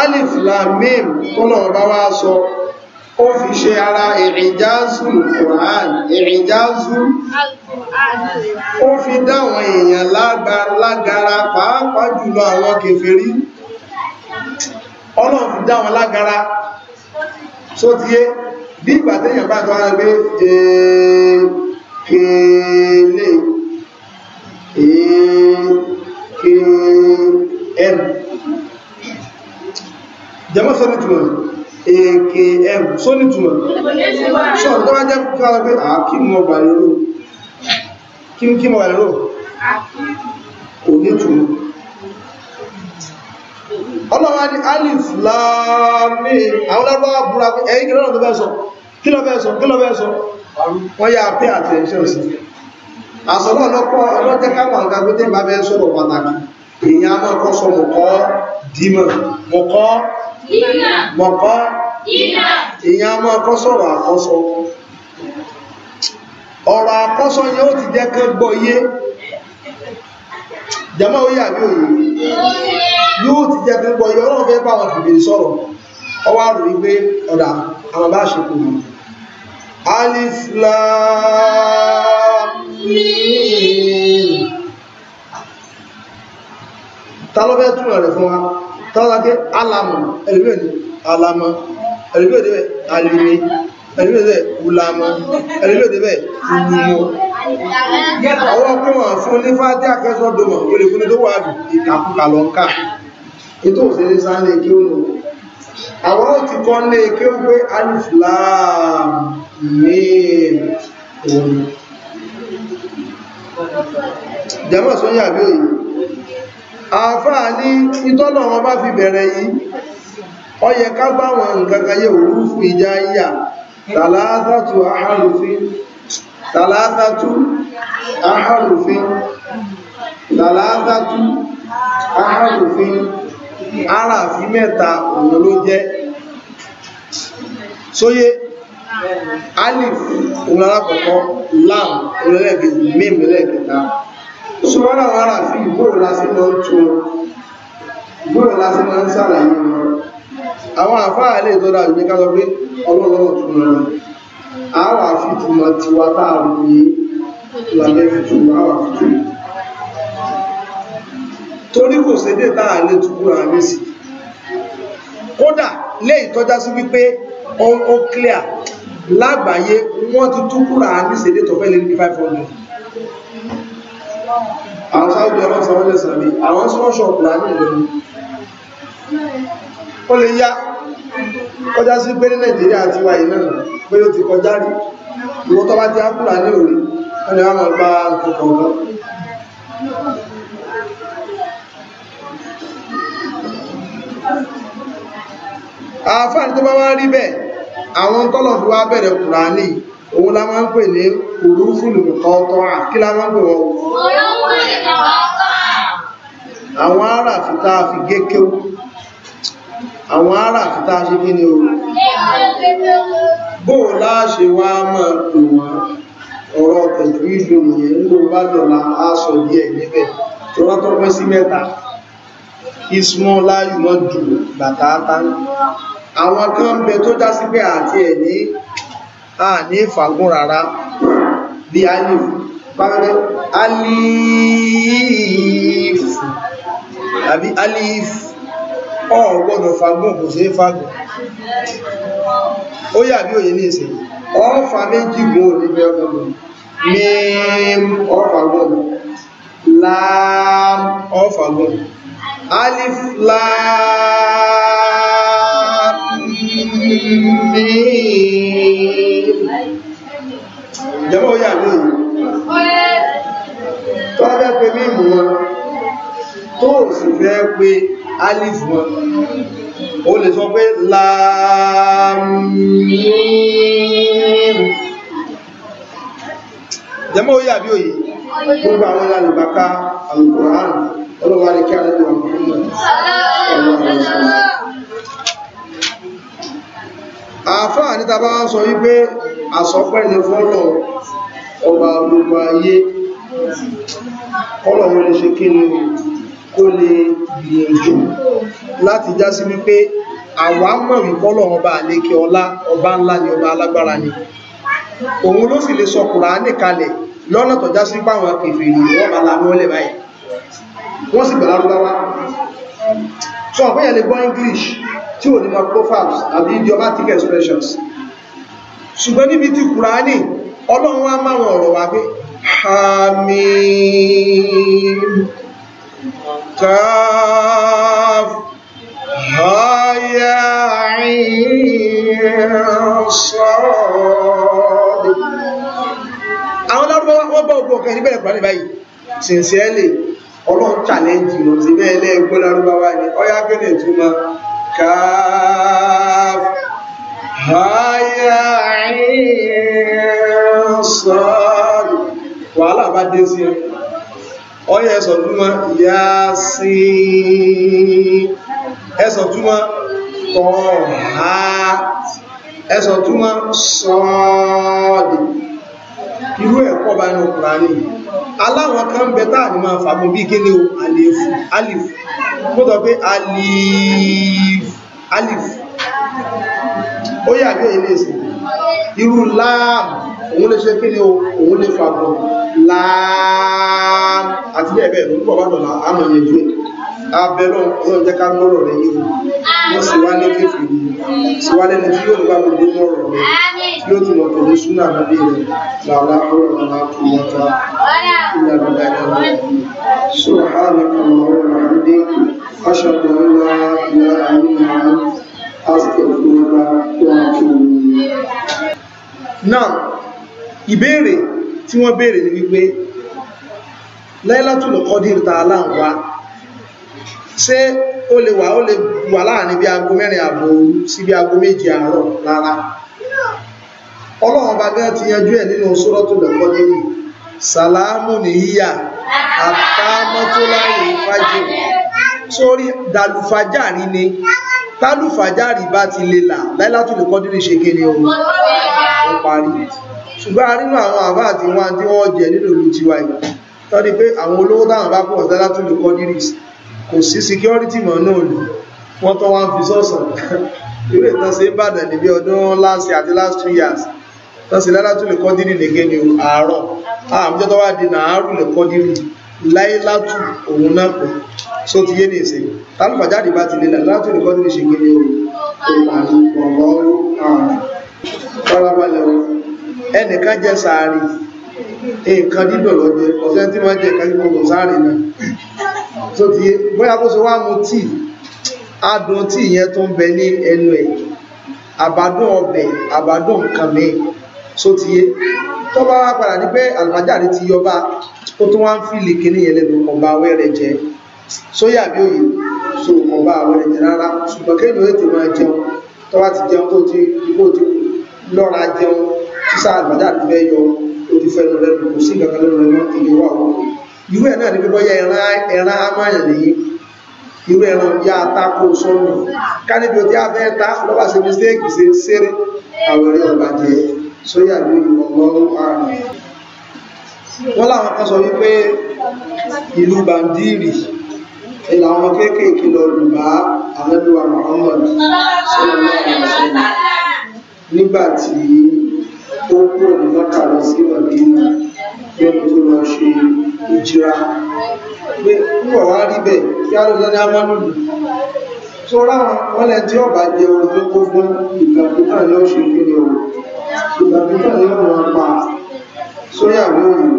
alif lamim tó náà bá wá sọ ó fi ṣe ara ìrìnjáàzù Quran ìrìnjáàzù ó fi dáwọn èèyàn lágara pàápàá jùlọ àwọn kèfèrí ọlọ́run fi dáwọn lágara só ti yé bí ìgbà téèyàn bá tó ara gbé èèlè èèlè ẹ̀rù jẹmọ́sọ́nì túnmọ̀ èkè ẹ̀rù só nítumọ̀ sọ tó bá jẹ́ kí wọ́n pé àkí mọ̀ wà lérò kí n kí mọ̀ wà lérò kò nítumọ̀ ọlọ́wà ní alif láàmì àwọn lọ́wọ́ búra pé ẹ̀yìn kìlọ́nà tó bẹ́ sọ kí lọ bẹ́ sọ kí lọ bẹ́ sọ wọ́n yà pé àti ẹ̀ṣẹ́ òsì àsọ̀lọ́ ọlọ́pọ̀ ọlọ́jẹ́ káwọn nǹkan pé tẹ́ bá bẹ́ sọ̀rọ̀ pàtàkì èèyàn á mọ̀ mọ̀pá èyàn a máa kọ́sọ̀rọ̀ àkọ́sọ ọ̀rọ̀ àkọ́sọ yẹn ó ti jẹ́ kẹ́ gbọ́ yé jẹ́mọ́ ó yàbí òye yóò ti jẹ́ kẹ́ gbọ́ yé ọlọ́run fẹ́ bá wọn fìbèrè sọ̀rọ̀ ọwọ́ àrò wípé ọ̀dà àwọn bá ṣe kò mọ̀ alif ta ló fẹ́ túnra rẹ̀ fún wa tọ́lákẹ́ alamu ẹlẹ́gbẹ́ ni alamọ ẹlẹ́gbẹ́ òdebẹ̀ alimi ẹlẹ́gbẹ́ òdebẹ̀ ulamọ ẹlẹ́gbẹ́ òdebẹ̀ unyimọ àwọn pínwà fún ní fàájá akẹ́sọ́ dọmọ̀ ó lè fún ní tó wà dùn ìkàkùkà lọ ń ká ètò òṣèré sáńlẹ̀ kí ó nù àwọn ò ti kọ́ lé kí ó gbé aliflam ní òun jẹ́mọ̀ sọ́yà bí òyìn àáfàá ní ìtọ́nà wọn bá fi bẹ̀rẹ̀ yìí ọyẹ yẹ ká nǹkan kan yẹ fún ìjà yíyà tàlátàtù àhàlùfín tàlátàtù àhàlùfín tàlátàtù àhàlùfín mẹ́ta òun ló jẹ́ alif òun alákọ̀ọ́kọ́ lam òun ṣùgbọ́n àwọn ará sí ìgbóò lásì máa ń tún ìgbóò lásì máa ń sàlàyé wọn àwọn àfáà lè tó dájú ní kásọ pé ọlọ́run tún wọn àwọn àfitùmọ̀ tiwa táàrù ní ìlànà ìfitùmọ̀ àwọn àfitùmọ̀ torí kò sédè táà lè túbúrò àmì sí kódà lè ìtọ́já sí wípé ó clear lágbàáyé wọ́n ti túbúrò àmì sédè tó fẹ́ lé ní 500 àwọn sáwọ́dì ọmọ sọmọ́lẹ̀ sàmì àwọn sọ́ṣọ̀ pìlánì ìlú ó lè yá kọjá sí pé ní nàìjíríà ti wáyé náà pé ó ti kọjá rí ìwọ́n tó bá ti ápùlà ní òrí ọ̀nà àwọn ọgbà kọ̀ọ̀kan àfáà tó bá wá rí bẹ́ẹ̀ àwọn tọ́lọ̀ fi wá bẹ̀rẹ̀ kùránì òun la máa ń pè ní òrúfùlù kọ́ọ̀tọ́ à kí la máa ń pè wọ́n òrúfùlù kọ́ọ̀tọ́ à àwọn ará fìta fi gékè àwọn ará fìta ṣe kí ni o bóò láṣe wá máa pè wọ́n ọ̀rọ̀ pẹ̀lú ìlú nìyẹn nígbò bá dọ̀la aṣọ díẹ̀ níbẹ̀ tó rọ́tọ́ pẹ́ sí mẹ́ta ìsúnmọ́ láyù mọ́ jù bàtà tán àwọn kan ń bẹ tó já sí pé àti ẹ̀ ní a ní fagún rárá bí alif bákan alif àbí alif ọ̀ gbọ́dọ̀ fagún kò sí fagún ó yà bí òye ní ìsìn ọ̀fà méjì gùn níbi ọgbọ̀n mím ọ̀fà gùn láàm ọ̀fà gùn alif láàm ìjọba òyà ní tó fẹ́ pé mímú wọn tó sì fẹ́ pé alif wọn ó lè sọ pé láàmùn jẹmọ́ òyà bí òyì gbogbo àwọn lálùbáká alùkùránù ọlọ́wà ní kí a lẹ́gbẹ̀ẹ́ àáfàá níta bá wá sọ wípé àsọpẹ́ ni fọ́lọ̀ ọba gbogbo ayé kọ́lọ̀ wọn lè ṣe kí ni kó lè gbìyànjú láti já sí wípé àwa mọ̀ wípọ́lọ̀ ọba àlékè ọlá ọba ńlá ni ọba alágbára ni òun ló sì lè sọ Kùránì kalẹ̀ lọ́nà tó já sí páwọn kèfèrè wọ́n bá lanú ọlẹ̀ báyìí wọ́n sì gbà lárúbáwá so ọ̀pẹ́ yẹn lè gbọ́ English tí ò ní mọ proverbs àbí idiomatic expressions ṣùgbọ́n níbi tí kùránì ọlọ́run wá máa wọn ọ̀rọ̀ wá pé hamim kaf haya sọ́ọ̀dì àwọn lárúbáwá wọ́n bá ogun ọ̀kan níbẹ̀rẹ̀ kùránì báyìí sincerely ọlọ́run challenge ló ti bẹ́ẹ̀ lẹ́gbọ́n lárúbáwá ni ọyá kéde túmọ̀ káf háyà sọ́ọ̀rù wàhálà bá dé sí ẹ ọyá ẹsọ̀ túmọ̀ yá sí ẹsọ̀ túmọ̀ tọ́ ha ẹsọ̀ túmọ̀ sọ́ọ̀dì irú ẹ̀kọ́ bá ní ọkùnrin aláwọn kan ń bẹ táà ní máa fàgbọn bí kíní o alif alif mo pé alif alif ó yà bí èyí lè sìn irú láàmù òun lè ṣe kí ni òun lè fàgbọ̀ láàá àti bẹ́ẹ̀ bẹ́ẹ̀ lórúkọ bá dọ̀la àmọ̀ yẹn yóò abẹ́rọ̀ ọlọ́run jẹ́ ká mọ́rọ̀ rẹ̀ yìí wọ́n sì wá ní kéfì ní sì wá lẹ́ni tí yóò bá gbogbo mọ́rọ̀ rẹ̀ tí ó ti mọ̀ tẹ̀lé súnà àbí rẹ̀ làwọn akọ́rọ̀ làwọn tó wọ́n ta ìlà bàbá ìlànà sọ hàlẹ́ kan ọ̀rọ̀ rẹ̀ ní aṣọ́gbọ̀n ńlá ìlà àwọn náà ìbéèrè tí wọ́n béèrè ní wípé Lailatul Qadr ta aláǹwá ṣé ó lè wà ó lè wà láàrin bí aago mẹ́rin àbò sí bí aago méje àárọ̀ rárá ọlọ́run bá gán ti yanjú ẹ̀ nínú Suratul Qadr sàlámù nìyíyà àtàmọ́tòláyè fàjì sórí dàlùfàjárì ni tálùfàjárì bá ti lè là Lailatul Qadr ṣe kéde ọ̀rọ̀ ó parí ṣùgbọ́n a nínú àwọn àbá àti wọn tí wọ́n jẹ nínú ìlú tiwa yìí tọ́ di pé àwọn olówó táwọn bá pọ̀ sẹ́lá tún lè kọ́ dírìs kò sí security mọ̀ náà lù wọ́n tọ́ wá ń fi sọ̀sọ̀ irú ìtàn sí Ìbàdàn ní bí ọdún last year àti last two years tọ́ sí lẹ́lá tún lè kọ́ dírì nìkan ní àárọ̀ ah, àmújọ́ tó wá di nàárù lè kọ́ dírì láìlátù òun náà pẹ̀ só ti yé ní ìsìn tálùfàjáde bá ti lè nà látù lè kọ́ dírì ṣe gbé ní òun àrùn ọ̀rọ̀ àrùn ẹnìkan jẹ sàárì nǹkan dídò lọ́jẹ́ ọ̀sẹ̀ tí wọ́n jẹ kájú gbogbo sàárì náà tó ti yé bóyá kó ṣe wá mu tíì adùn tíì yẹn tó ń bẹ ní ẹnu ẹ̀ àbádùn ọbẹ̀ àbádùn nǹkan mìíràn so ti yé tó bá wá padà ní pé àlùmájáde ti yọba ó tún wá ń fìlì kíní yẹn lẹ́nu ọba awẹ́ rẹ̀ jẹ sóyà bí òye so ọba awẹ́ rẹ̀ jẹ rárá ṣùgbọ́n kéèyàn ètò máa jẹun tó bá ti jẹun tó ti lọ́ra jẹun sísá àgbàdá àti bẹ́ẹ̀ yọ ó ti fẹ́ lọ lẹ́nu kò sí ìgbàkan lẹ́nu rẹ̀ mọ́ èyí wà wọ́n irú ẹ̀ náà ní pé bọ́yá ẹran amáyàn nìyí irú ẹran ya tako sọ́nù kánibí o ti abẹ́ ta lọ́wọ́ ṣe mistake ṣe ṣeré àwẹ̀rẹ̀ ọ̀gbà jẹ sóyà lórí ọlọ́run àrùn wọ́n láwọn kan sọ wípé ìlú bàndírì ìlà àwọn kéékèèké lọ lùbá àlẹ́lúwà Muhammad nígbàtí ó kúrò ní mọ́ta lọ sí ọ̀dínà lọ́dún tó lọ ṣe ìjìra pé púpọ̀ wá rí bẹ̀ kí á lọ́dún ní amánùlù tó ráwọn wọn lẹ tí ọba jẹ ohun tó kó fún ìgbà pípọ̀ ní oṣù kiri o ìgbà pípọ̀ ní ọ̀rọ̀ pa sóyàwó òun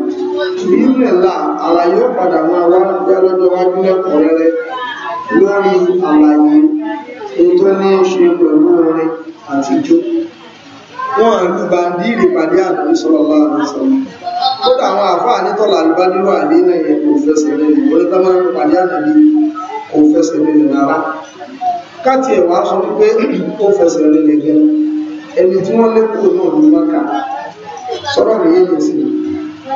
nílẹ̀ là àlàyé ó padà máa wá dá lọ́jọ́ wájú lẹ́kọ̀ọ́ rẹ́rẹ́ lórí àlàyé èyí ní ṣe pẹ̀lú orin àtijọ́ wọn lu bàndìrì pàdé àdúrà sọ̀rọ̀ bá àdúrà sọ̀rọ̀ kódà àwọn àfáà nítọ́lá àlùbádúrà ní nàìjíríà kò fẹsẹ̀ lẹ́yìn lórí táwọn pàdé àdúrà kò fẹsẹ̀ lẹ́yìn rárá káàtì ẹ̀wà sọ wípé ó fẹsẹ̀ lẹ́yìn gẹ́gẹ́ ẹni tí wọ́n lé kúrò náà ló má kà sọ̀rọ̀ nìyẹn yẹn sì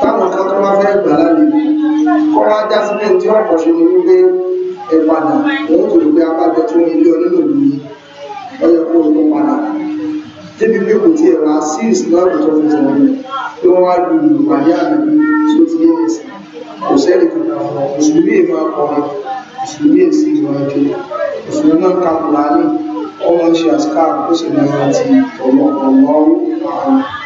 táwọn kan tó wá fẹ́ gbà lálẹ́ kọ́ wá já sílẹ̀ tí ọ̀pọ̀ ṣe ni wípé ẹ padà òun kò lè gbé abájọ tó ń o tó débi pé kò tí ẹ̀wà sí ìsìláàmù tó fi tẹ̀lé pé wọ́n wá lu ìpàdé àmì tí ó ti yẹ ẹ̀sìn kò sẹ́ni tó kà fún mùsùlùmí ìfà ọkùnrin mùsùlùmí èsì ìwọ̀n ẹ̀jẹ̀ mùsùlùmí náà ka kùránì ọmọ ṣe àṣìkà ó sì máa ń rántí ọmọ ọmọ ọrùn àwọn